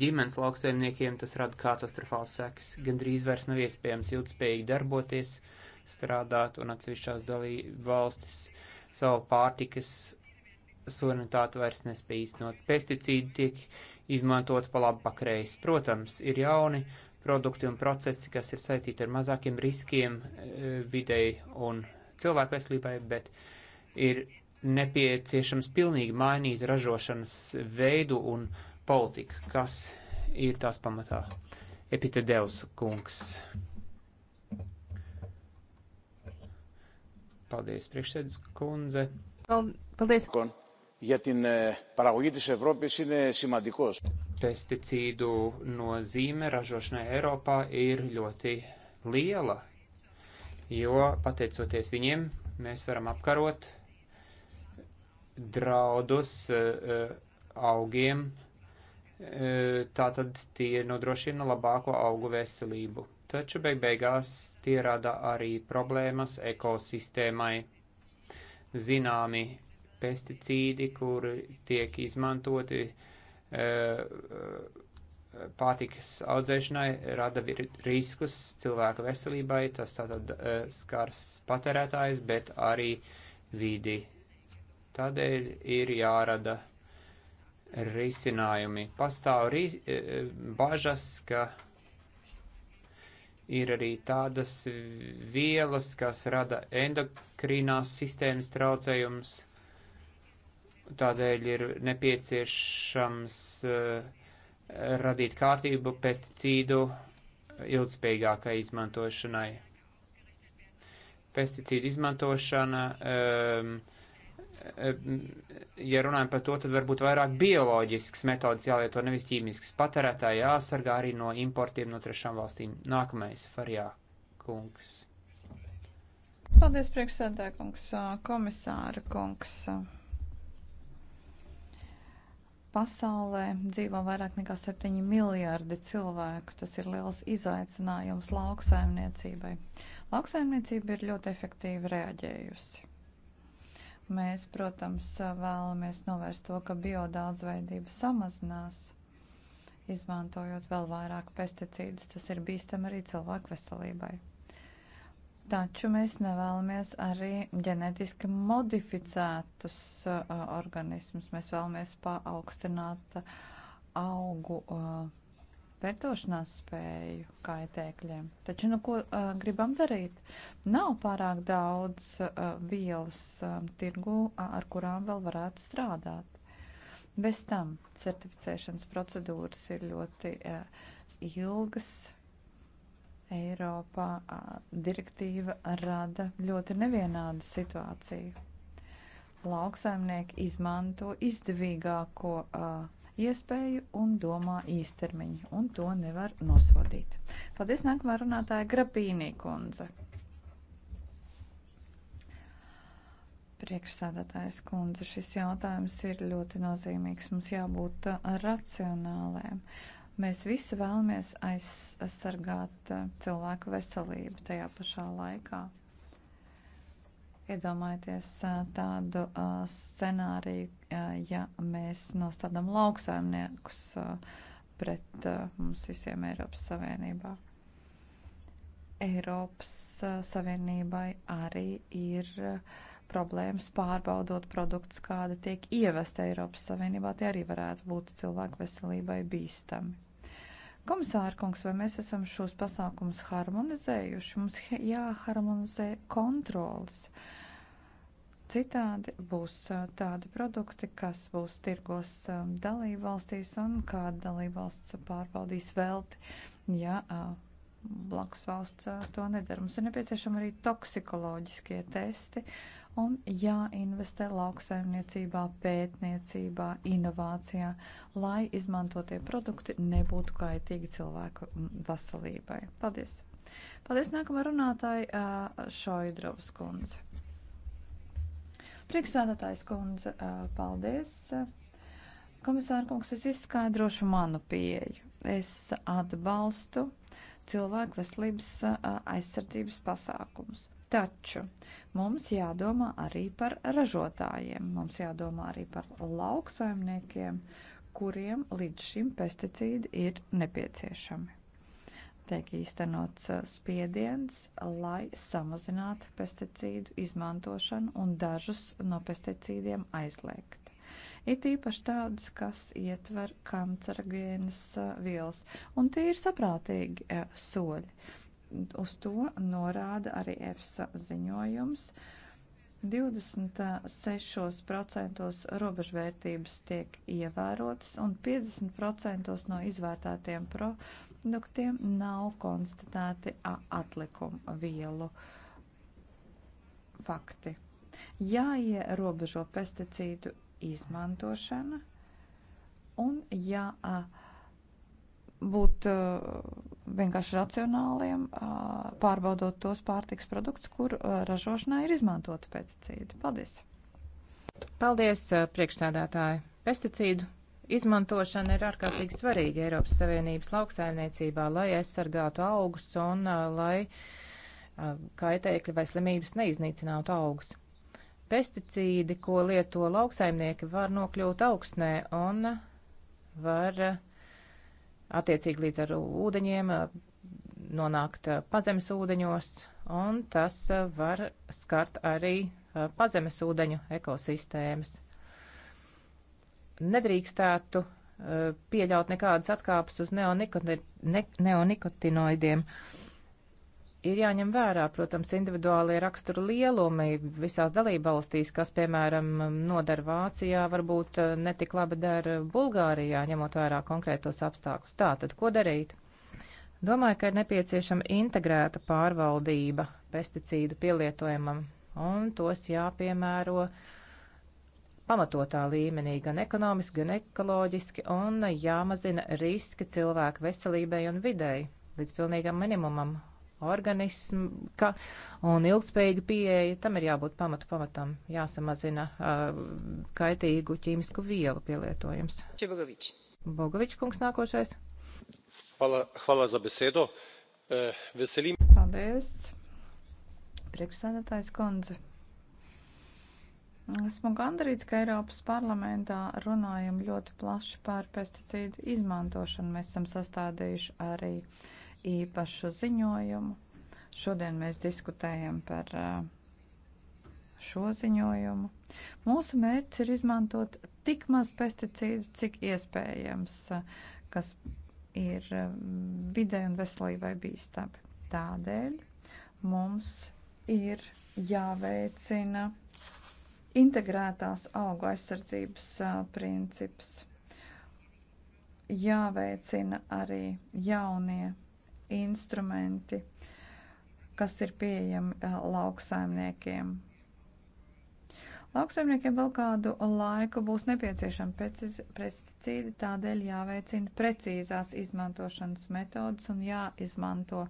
Ģimenes lauksaimniekiem tas rada katastrofāls sekas. Gan drīz vairs nav iespējams ilgspējīgi darboties, strādāt un atsevišķās dalība valstis savu pārtikas suverenitāti vairs nespēj īstenot. Pesticīdi tiek izmantot pa labu pakreis. Protams, ir jauni produkti un procesi, kas ir saistīti ar mazākiem riskiem e, videi un cilvēku veselībai, bet ir nepieciešams pilnīgi mainīt ražošanas veidu un uh, politika, kas ir tās pamatā. Epitēdeus kungs. Paldies, priekšsēdus kundze. Paldies. Για την παραγωγή της Ευρώπης είναι σημαντικός. Pesticīdu nozīme ražošanai Eiropā ir ļoti liela, jo pateicoties viņiem mēs varam apkarot draudus eh, eh, augiem, uh, E, tātad tie nodrošina labāko augu veselību. Taču beig beigās tie rada arī problēmas ekosistēmai. Zināmi pesticīdi, kuri tiek izmantoti e, e, pārtikas audzēšanai, rada riskus cilvēka veselībai. Tas tātad skars patērētājs, bet arī vidi. Tādēļ ir jārada risinājumi. Pastāv riz, e, bažas, ka ir arī tādas vielas, kas rada endokrīnās sistēmas traucējumus. Tādēļ ir nepieciešams uh, radīt kārtību pesticīdu ilgspējīgākai izmantošanai. Pesticīdu izmantošana um, uh, Eh, ja runājam par to, tad varbūt vairāk bioloģisks metodas jālieto, nevis ķīmisks. Patērētāji jāsargā arī no importiem no trešām valstīm. Nākamais, Farijā kungs. Paldies, priekšsēdē kungs, komisāra kungs. Pasaulē dzīvo vairāk nekā 7 miljardi cilvēku. Tas ir liels izaicinājums lauksaimniecībai. Lauksaimniecība ir ļoti efektīvi reaģējusi. Mēs, protams, vēlamies novērst to, ka biodaudzveidība samazinās, izmantojot vēl vairāk pesticīdus. Tas ir bīstam arī cilvēku veselībai. Taču mēs nevēlamies arī ģenetiski modificētus uh, organismus. Mēs vēlamies paaugstināt augu uh, pretošanās spēju kaitēkļiem. Taču, nu, ko uh, gribam darīt? Nav pārāk daudz uh, vielas uh, tirgu, ar kurām vēl varētu strādāt. Bez tam certificēšanas procedūras ir ļoti uh, ilgas. Eiropā uh, direktīva rada ļoti nevienādu situāciju. Lauksaimnieki izmanto izdevīgāko uh, iespēju un domā īstermiņu, un to nevar nosodīt. Paldies, nākamā runātāja Grapīnī kundze. Priekšsādātājs kundze, šis jautājums ir ļoti nozīmīgs. Mums jābūt uh, racionāliem. Mēs visi vēlamies aizsargāt uh, cilvēku veselību tajā pašā laikā. Iedomājieties tādu scenāriju, ja mēs nostādām lauksaimniekus pret mums visiem Eiropas Savienībā. Eiropas Savienībai arī ir problēmas pārbaudot produktus, kādi tiek ievest Eiropas Savienībā. Tie arī varētu būt cilvēku veselībai bīstami. Komisāra kungs, vai mēs esam šos pasākumus harmonizējuši? Mums jāharmonizē kontrols. Citādi būs tādi produkti, kas būs tirgos dalību valstīs un kāda dalību valsts pārvaldīs velti, ja blakus valsts to nedara. Mums ir nepieciešama arī toksikoloģiskie testi un jāinvestē lauksaimniecībā, pētniecībā, inovācijā, lai izmantotie produkti nebūtu kaitīgi cilvēku veselībai. Paldies! Paldies nākamā runātāja Šoidrovs kundze. Priekšsēdētājs kundze, paldies! Komisāra kungs, es izskaidrošu manu pieeju. Es atbalstu cilvēku veselības aizsardzības pasākumus Taču mums jādomā arī par ražotājiem, mums jādomā arī par lauksaimniekiem, kuriem līdz šim pesticīdi ir nepieciešami. Tiek īstenots uh, spiediens, lai samazinātu pesticīdu izmantošanu un dažus no pesticīdiem aizliegt. It īpaši tādus, kas ietver kancerogēnas uh, vielas, un tie ir saprātīgi uh, soļi Uz to norāda arī EFSA ziņojums. 26% robežvērtības tiek ievērotas un 50% no izvērtētiem produktiem nav konstatēti atlikumu vielu fakti. Jāierobežo pesticīdu izmantošana un jā. Ja, būt uh, vienkārši racionāliem, uh, pārbaudot tos pārtiks produktus, kur uh, ražošanā ir izmantota pesticīdi. Paldies! Paldies, priekšsēdētāji! Pesticīdu izmantošana ir ārkārtīgi svarīga Eiropas Savienības lauksaimniecībā, lai aizsargātu augus un lai kaitēkļi vai slimības neiznīcinātu augus. Pesticīdi, ko lieto lauksaimnieki, var nokļūt augsnē un var uh, attiecīgi līdz ar ūdeņiem nonākt pazemes ūdeņos, un tas var skart arī pazemes ūdeņu ekosistēmas. Nedrīkstētu pieļaut nekādas atkāpes uz neonikotinoidiem. Ne, neonikotinoidiem ir jāņem vērā, protams, individuālie rakstura lielumi visās dalībvalstīs, kas, piemēram, nodara Vācijā, varbūt eh, netik labi dara Bulgārijā, ņemot vērā konkrētos apstākļus. Tā tad, ko darīt? Domāju, ka ir nepieciešama integrēta pārvaldība pesticīdu pielietojumam, un tos jāpiemēro pamatotā līmenī, gan ekonomiski, gan ekoloģiski, un jāmazina riski cilvēku veselībai un videi līdz pilnīgam minimumam, organismu, ka, un ilgspējīga pieeja, tam ir jābūt pamatu pamatam, jāsamazina uh, kaitīgu ķīmisku vielu pielietojums. Čebogovič. Bogovič kungs nākošais. Hvala, hvala za besedo. Uh, eh, veselim. Paldies. Priekšsēdētājs kundze. Esmu gandarīts, ka Eiropas parlamentā runājam ļoti plaši par pesticīdu izmantošanu. Mēs esam sastādījuši arī uh, īpašu ziņojumu. Šodien mēs diskutējam par eh, šo ziņojumu. Mūsu mērķis ir izmantot tik maz pesticīdu, cik iespējams, eh, kas ir eh, vidē un veselībai bīstami. Tādēļ mums ir jāveicina integrētās augu aizsardzības princips. Jāveicina arī jaunie instrumenti, kas ir pieejami eh, lauksaimniekiem. Lauksaimniekiem vēl kādu laiku būs nepieciešami pesticīdi, tādēļ jāveicina precīzās izmantošanas metodas un jāizmanto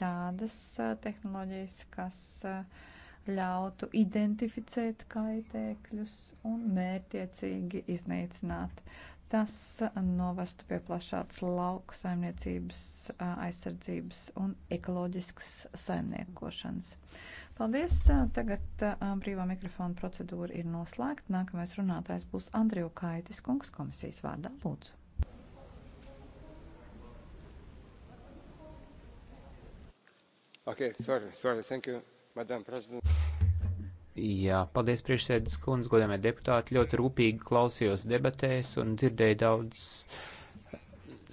tādas eh, tehnoloģijas, kas eh, ļautu identificēt kaitēkļus un mērtiecīgi iznīcināt. Uh, Tas novestu pie plašāks lauku saimniecības aizsardzības un ekoloģiskas saimniekošanas. Paldies! Tagad brīvā mikrofona procedūra ir noslēgta. Nākamais runātājs būs Andriju Kaitis, kungs komisijas vārdā. Lūdzu! Okay, sorry, sorry, thank you, Madam President. Jā, paldies priekšsēdus kundz, godamie deputāti, ļoti rūpīgi klausījos debatēs un dzirdēju daudz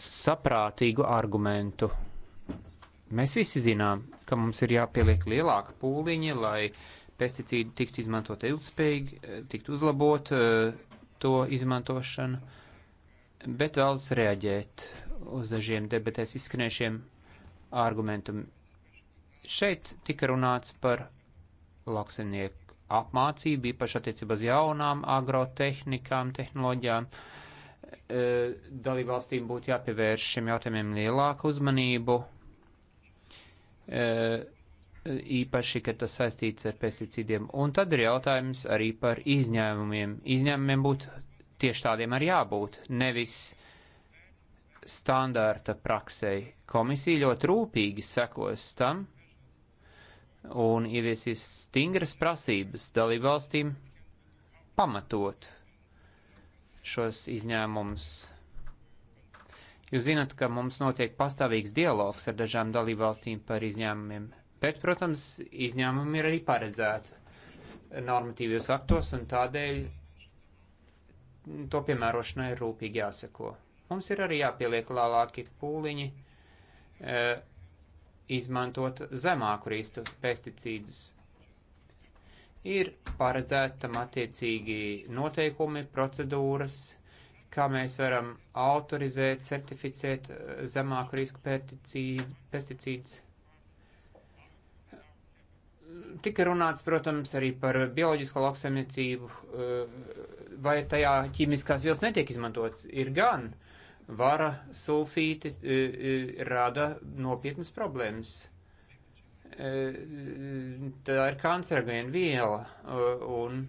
saprātīgu argumentu. Mēs visi zinām, ka mums ir jāpieliek lielāka pūliņa, lai pesticīdi tiktu izmantot ilgspējīgi, tiktu uzlabot eh, to izmantošanu, bet vēlas reaģēt uz dažiem debatēs izskanējušiem argumentiem. Šeit tika runāts par lauksaimnieku apmācību, īpaši attiecībā uz jaunām agrotehnikām, tehnoloģijām. E, dalībvalstīm būtu jāpievērš šiem jautājumiem lielāku uzmanību, e, īpaši, kad tas saistīts ar pesticīdiem. Un tad ir jautājums arī par izņēmumiem. Izņēmumiem būtu tieši tādiem arī jābūt, nevis standārta praksei. Komisija ļoti rūpīgi sekos tam, un ieviesīs stingras prasības dalībvalstīm pamatot šos izņēmumus. Jūs zināt, ka mums notiek pastāvīgs dialogs ar dažām dalībvalstīm par izņēmumiem, bet, protams, izņēmumi ir arī paredzēti normatīvos aktos, un tādēļ to piemērošanai ir rūpīgi jāseko. Mums ir arī jāpieliek lielāki pūliņi, eh, izmantot zemāku ristu pesticīdus. Ir paredzēta tam attiecīgi noteikumi, procedūras, kā mēs varam autorizēt, certificēt eh, zemāku risku pesticīdus. Tika runāts, protams, arī par bioloģisko lauksaimniecību, eh, vai tajā ķīmiskās vielas netiek izmantotas. Ir gan, uh, vara sulfīti e, e, rada nopietnas problēmas. E, tā ir kancerogēna viela, un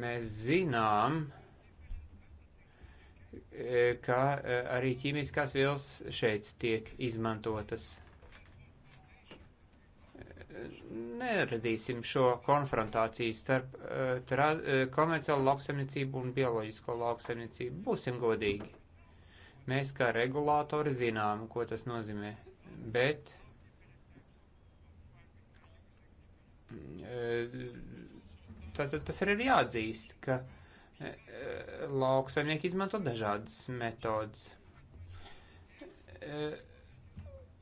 mēs zinām, ka arī ķīmiskās vielas šeit tiek izmantotas neradīsim šo konfrontāciju starp eh, tra, eh, komerciālo lauksaimniecību un bioloģisko lauksaimniecību. Būsim godīgi. Mēs kā regulātori zinām, ko tas nozīmē, bet tātad eh, tas arī ir jāatzīst, ka lauksaimnieki izmanto dažādas metodas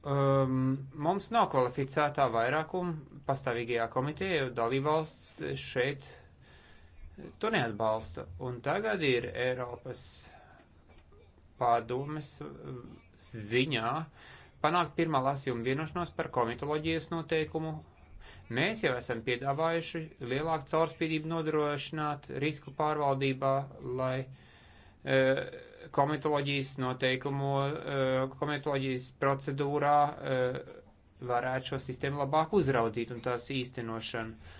um, mums nav kvalificētā vairākuma pastāvīgajā komitejā, jo dalībvalsts šeit to neatbalsta. Un tagad ir Eiropas pārdomas ziņā panākt pirmā lasījuma vienošanos par komitoloģijas noteikumu. Mēs jau esam piedāvājuši lielāku caurspīdību nodrošināt risku pārvaldībā, lai uh, komitoloģijas noteikumu, eh, komitoloģijas procedūrā eh, varētu šo sistēmu labāk uzraudzīt un tās īstenošanu.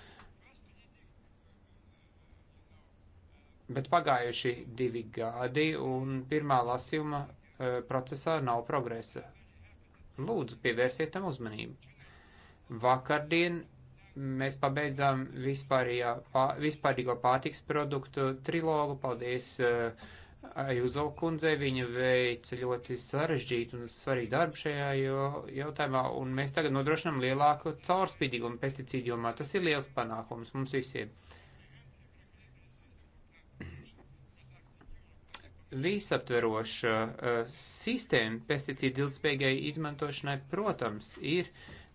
Bet pagājuši divi gadi un pirmā lasījuma eh, procesā nav progresa. Lūdzu, pievērsiet tam uzmanību. Vakardien mēs pabeidzām vispārīgo pārtiks produktu trilogu. Paldies! Uh, Ajuzo kundze, viņa veica ļoti sarežģītu un svarīgu darbu šajā jautājumā, un mēs tagad nodrošinām lielāku caurspīdīgumu pesticīdu jomā. Tas ir liels panākums mums visiem. Visaptveroša uh, sistēma pesticīdu ilgspējīgai izmantošanai, protams, ir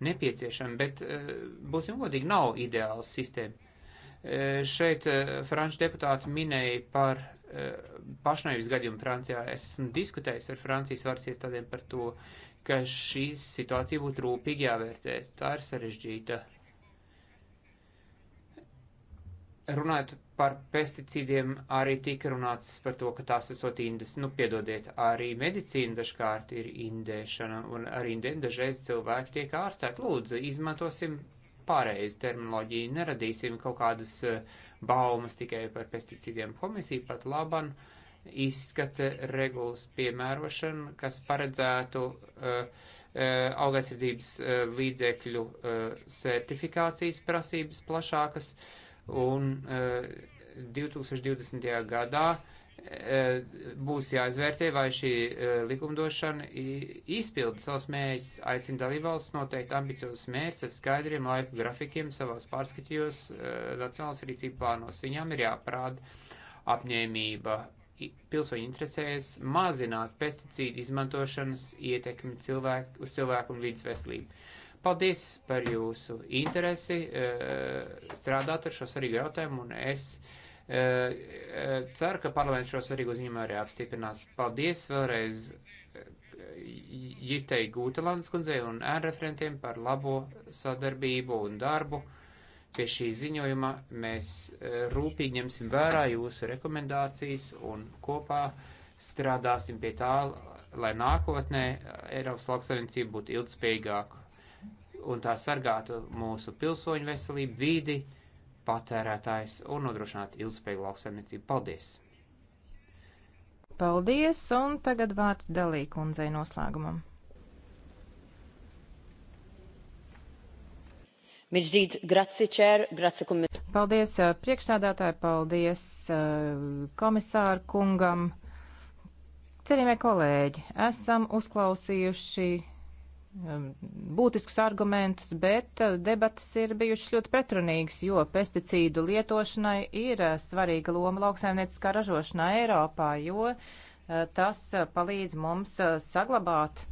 nepieciešama, bet, uh, būsim godīgi, nav ideāla sistēma. Uh, šeit uh, franču deputāti minēja par uh, pašnāvības gadījumu Francijā. Es esmu diskutējis ar Francijas varas iestādēm par to, ka šī situācija būtu rūpīgi jāvērtē. Tā ir sarežģīta. Runājot par pesticīdiem, arī tika runāts par to, ka tās esot indes. Nu, piedodiet, arī medicīna dažkārt ir indēšana, un ar indēm dažreiz cilvēki tiek ārstēti. Lūdzu, izmantosim pareizi terminoloģiju, neradīsim kaut kādas uh, baumas tikai par pesticīdiem. Komisija pat laban izskata regulas piemērošanu, kas paredzētu uh, uh augaisardzības uh, līdzekļu uh, certifikācijas prasības plašākas, un uh, 2020. gadā uh, E, būs jāizvērtē, vai šī e, likumdošana izpilda savus mērķus. Aicina dalībvalsts noteikt ambiciozus mērķus ar skaidriem laika grafikiem savās pārskatījos e, nacionālas rīcību plānos. Viņām ir jāparāda apņēmība pilsoņu interesēs mazināt pesticīdu izmantošanas ietekmi cilvēku, uz cilvēku un vidas veselību. Paldies par jūsu interesi strādāt ar šo svarīgu jautājumu un es. Eh, eh, ceru, ka parlaments šo svarīgu ziņojumu arī apstiprinās. Paldies vēlreiz eh, Jitei Gūtelands kundzei un ēnreferentiem par labo sadarbību un darbu. Pie šī ziņojuma mēs rūpīgi ņemsim vērā jūsu rekomendācijas un kopā strādāsim pie tā, lai nākotnē Eiropas lauksaimniecība būtu ilgspējīgāka un tā sargātu mūsu pilsoņu veselību, vīdi patērētājs un nodrošināt ilgspējīgu lauksaimniecību. Paldies! Paldies, un tagad vārds Dalī kundzei noslēgumam. Paldies priekšsādātāji, paldies komisāru kungam. Cerījumie kolēģi, esam uzklausījuši Um, būtiskus argumentus, bet uh, debatas ir bijušas ļoti pretrunīgas, jo pesticīdu lietošanai ir uh, svarīga loma lauksaimnieciskā ražošanā Eiropā, jo uh, tas palīdz mums saglabāt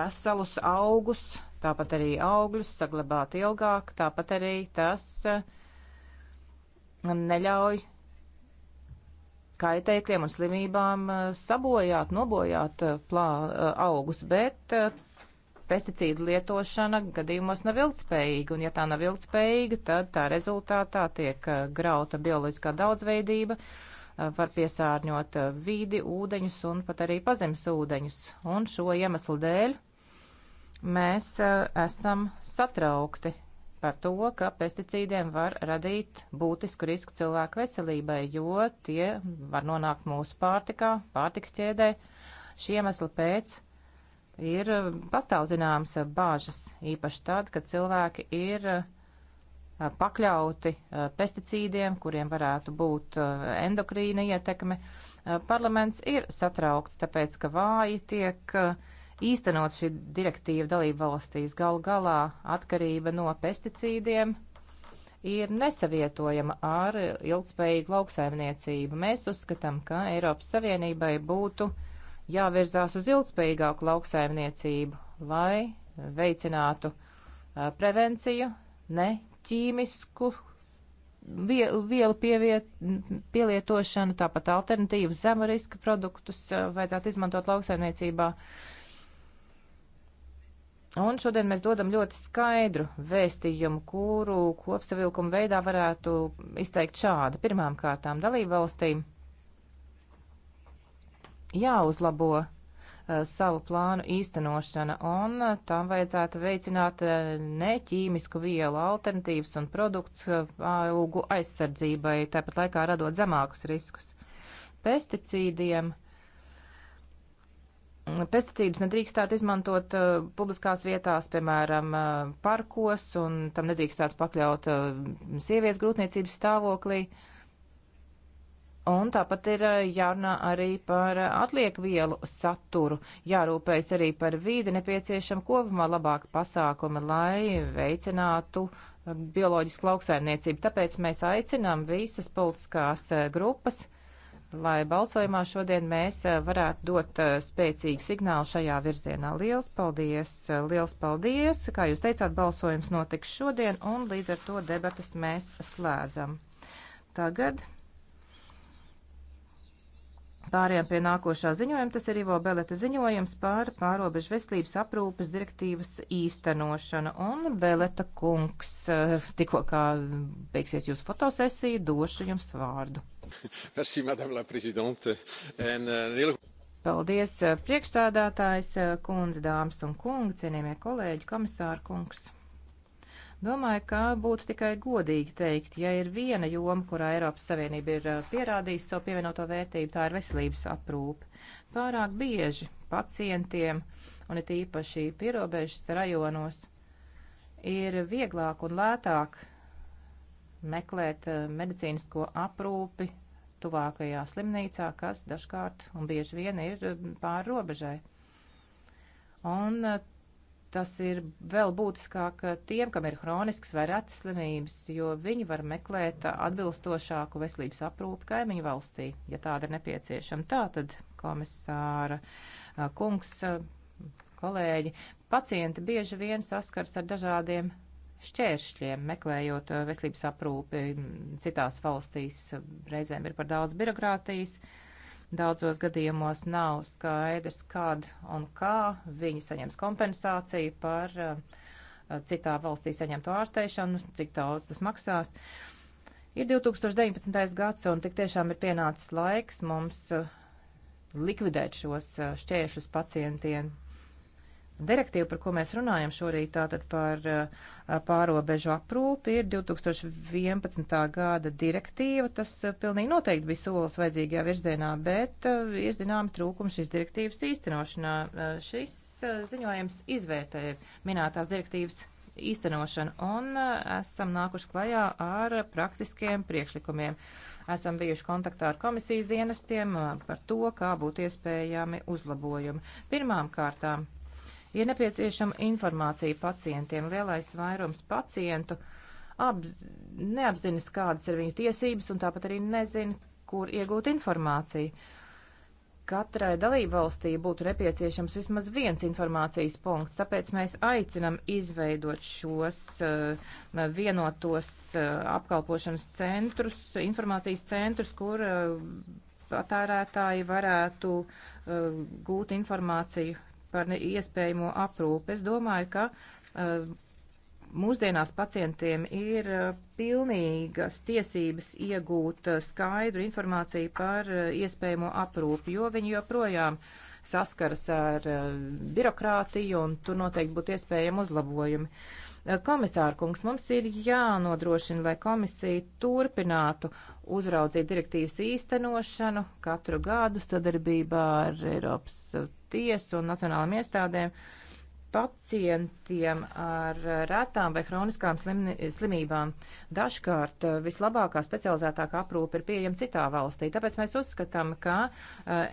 veselus augus, tāpat arī augļus saglabāt ilgāk, tāpat arī tas neļauj kaitēkļiem un slimībām sabojāt, nobojāt plā, augus, bet pesticīdu lietošana gadījumos nav ilgspējīga, un ja tā nav ilgspējīga, tad tā rezultātā tiek uh, grauta bioloģiskā daudzveidība, uh, var piesārņot uh, vīdi, ūdeņus un pat arī pazemes ūdeņus. Un šo iemeslu dēļ mēs esam satraukti par to, ka pesticīdiem var radīt būtisku risku cilvēku veselībai, jo tie var nonākt mūsu pārtikā, pārtiks ķēdē. Šī iemesla pēc ir eh, pastāv zināmas eh, bāžas, īpaši tad, kad cilvēki ir eh, pakļauti pesticīdiem, kuriem varētu būt endokrīna ietekme. Parlaments ir satraukts, tāpēc, ka vāji tiek īstenot šī direktīva dalību valstīs. Gal galā atkarība no pesticīdiem ir nesavietojama ar ilgspējīgu lauksaimniecību. Mēs uzskatām, ka Eiropas Savienībai būtu uh, jāvirzās uz ilgspējīgāku lauksaimniecību, lai veicinātu uh, prevenciju, ne ķīmisku vielu, vielu pieviet, pielietošanu, tāpat alternatīvas zema riska produktus uh, vajadzētu izmantot lauksaimniecībā. Un šodien mēs dodam ļoti skaidru vēstījumu, kuru kopsavilkuma veidā varētu izteikt šādi. Pirmām kārtām dalību valstīm jāuzlabo uh, savu plānu īstenošana, un uh, tam vajadzētu veicināt uh, neķīmisku vielu alternatīvas un produkts augu aizsardzībai, tāpat laikā radot zemākus riskus. Pesticīdiem mm, pesticīdus nedrīkstētu izmantot uh, publiskās vietās, piemēram, uh, parkos, un tam nedrīkstētu pakļaut uh, sievietes grūtniecības stāvoklī. Uh, Un tāpat ir jārunā arī par atliekvielu saturu, jārūpējas arī par vīdi, nepieciešama kopumā labāka pasākuma, lai veicinātu bioloģisku lauksaimniecību. Tāpēc mēs aicinām visas politiskās grupas, lai balsojumā šodien mēs varētu dot spēcīgu signālu šajā virzienā. Liels paldies! Liels paldies! Kā jūs teicāt, balsojums notiks šodien, un līdz ar to debatas mēs slēdzam. Tagad. Pārējām pie nākošā ziņojuma, tas ir Ivo Beleta ziņojums par pārobežu veselības aprūpas direktīvas īstenošanu. Un Beleta kungs, eh, tikko kā beigsies jūsu fotosesija, došu jums vārdu. Merci, madame la prezidente. En, uh, Paldies, eh, priekšstādātājs, kundze, dāmas un kungi, cienījamie kolēģi, komisāra kungs. Domāju, ka būtu tikai godīgi teikt, ja ir viena joma, kurā Eiropas Savienība ir pierādījusi savu pievienoto vērtību, tā ir veselības aprūpe. Pārāk bieži pacientiem, un it īpaši pierobežas rajonos, ir vieglāk un lētāk meklēt medicīnisko aprūpi tuvākajā slimnīcā, kas dažkārt un bieži vien ir pāri robežai. Un tas ir vēl būtiskāk tiem, kam ir hronisks vai retas slimības, jo viņi var meklēt atbilstošāku veselības aprūpi kaimiņu valstī, ja tāda ir nepieciešama. Tā tad komisāra kungs, kolēģi, pacienti bieži vien saskars ar dažādiem šķēršļiem, meklējot veselības aprūpi citās valstīs. Reizēm ir par daudz birokrātijas. Uh, Daudzos gadījumos nav skaidrs, kad un kā viņi saņems kompensāciju par eh, citā valstī saņemto ārsteišanu, cik daudz tas maksās. Ir 2019. gads, un tik tiešām ir pienācis laiks mums eh, likvidēt šos eh, šķēršus pacientiem Direktīva, par ko mēs runājam šorīt, tātad par pārobežu aprūpi, ir 2011. gada direktīva. Tas pilnīgi noteikti bija solis vajadzīgajā virzienā, bet ir zināmi trūkumi šīs direktīvas īstenošanā. Šis ziņojums izvērtē minētās direktīvas īstenošanu un esam nākuši klajā ar praktiskiem priekšlikumiem. Esam bijuši kontaktā ar komisijas dienestiem par to, kā būtu iespējami uzlabojumi. Pirmām kārtām Ir nepieciešama informācija pacientiem. Lielais vairums pacientu ap, neapzinas, kādas ir viņu tiesības, un tāpat arī nezina, kur iegūt informāciju. Katrai dalībvalstī būtu nepieciešams vismaz viens informācijas punkts, tāpēc mēs aicinam izveidot šos uh, vienotos uh, apkalpošanas centrus, informācijas centrus, kur uh, patērētāji varētu uh, gūt informāciju par iespējamo aprūpi. Es domāju, ka uh, mūsdienās pacientiem ir eh, pilnīgas tiesības iegūt eh, skaidru informāciju par iespējamo aprūpi, jo viņi joprojām saskaras ar birokrātiju un tur noteikti būtu iespējami uzlabojumi. Komisārkungs, mums ir jānodrošina, lai komisija turpinātu uzraudzīt direktīvas īstenošanu katru gadu sadarbībā ar Eiropas tiesu un nacionālām iestādēm pacientiem ar retām vai hroniskām slimni, slimībām. Dažkārt eh, vislabākā specializētākā aprūpe ir pieejama citā valstī, tāpēc mēs uzskatām, ka uh,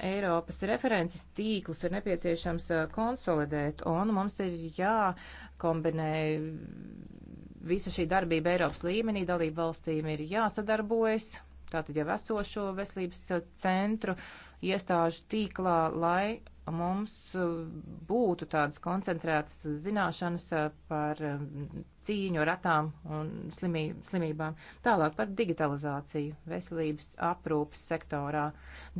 Eiropas references tīklus ir nepieciešams uh, konsolidēt, un mums ir jākombinē visa šī darbība Eiropas līmenī, dalību valstīm ir jāsadarbojas, tātad jau esošo veselības centru iestāžu tīklā, lai mums uh, būtu tādas koncentrētas zināšanas uh, par um, cīņu ar atām un slimībām. Tālāk par digitalizāciju veselības aprūpas sektorā.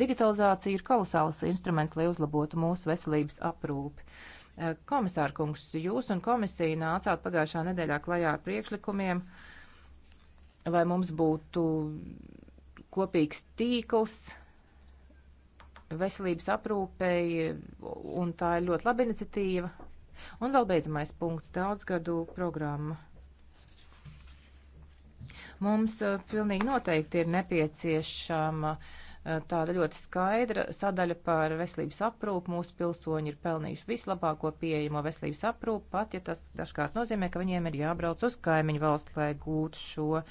Digitalizācija ir kolosāls instruments, lai uzlabotu mūsu veselības aprūpi. Uh, komisārkungs, jūs un komisija nācāt pagājušā nedēļā klajā ar priekšlikumiem, lai mums būtu kopīgs tīkls veselības aprūpei, un tā ir ļoti laba iniciatīva. Un vēl beidzamais punkts - daudzgadu programma. Mums uh, pilnīgi noteikti ir nepieciešama uh, Eh, tāda ļoti skaidra sadaļa par veselības aprūpu. Mūsu pilsoņi ir pelnījuši vislabāko pieejamo veselības aprūpu, pat ja tas dažkārt nozīmē, ka viņiem ir jābrauc uz kaimiņu valsti, lai gūtu šo uh,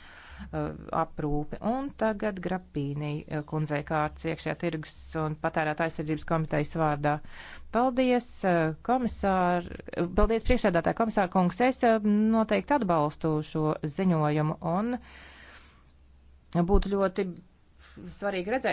aprūpi. Un tagad grapīnī eh, kundzei kārts iekšējā tirgus un patērētā aizsardzības komitejas vārdā. Paldies, komisār, paldies priekšēdātā komisāra kungs. Es noteikti atbalstu šo ziņojumu un būtu ļoti svarīgi redzēt,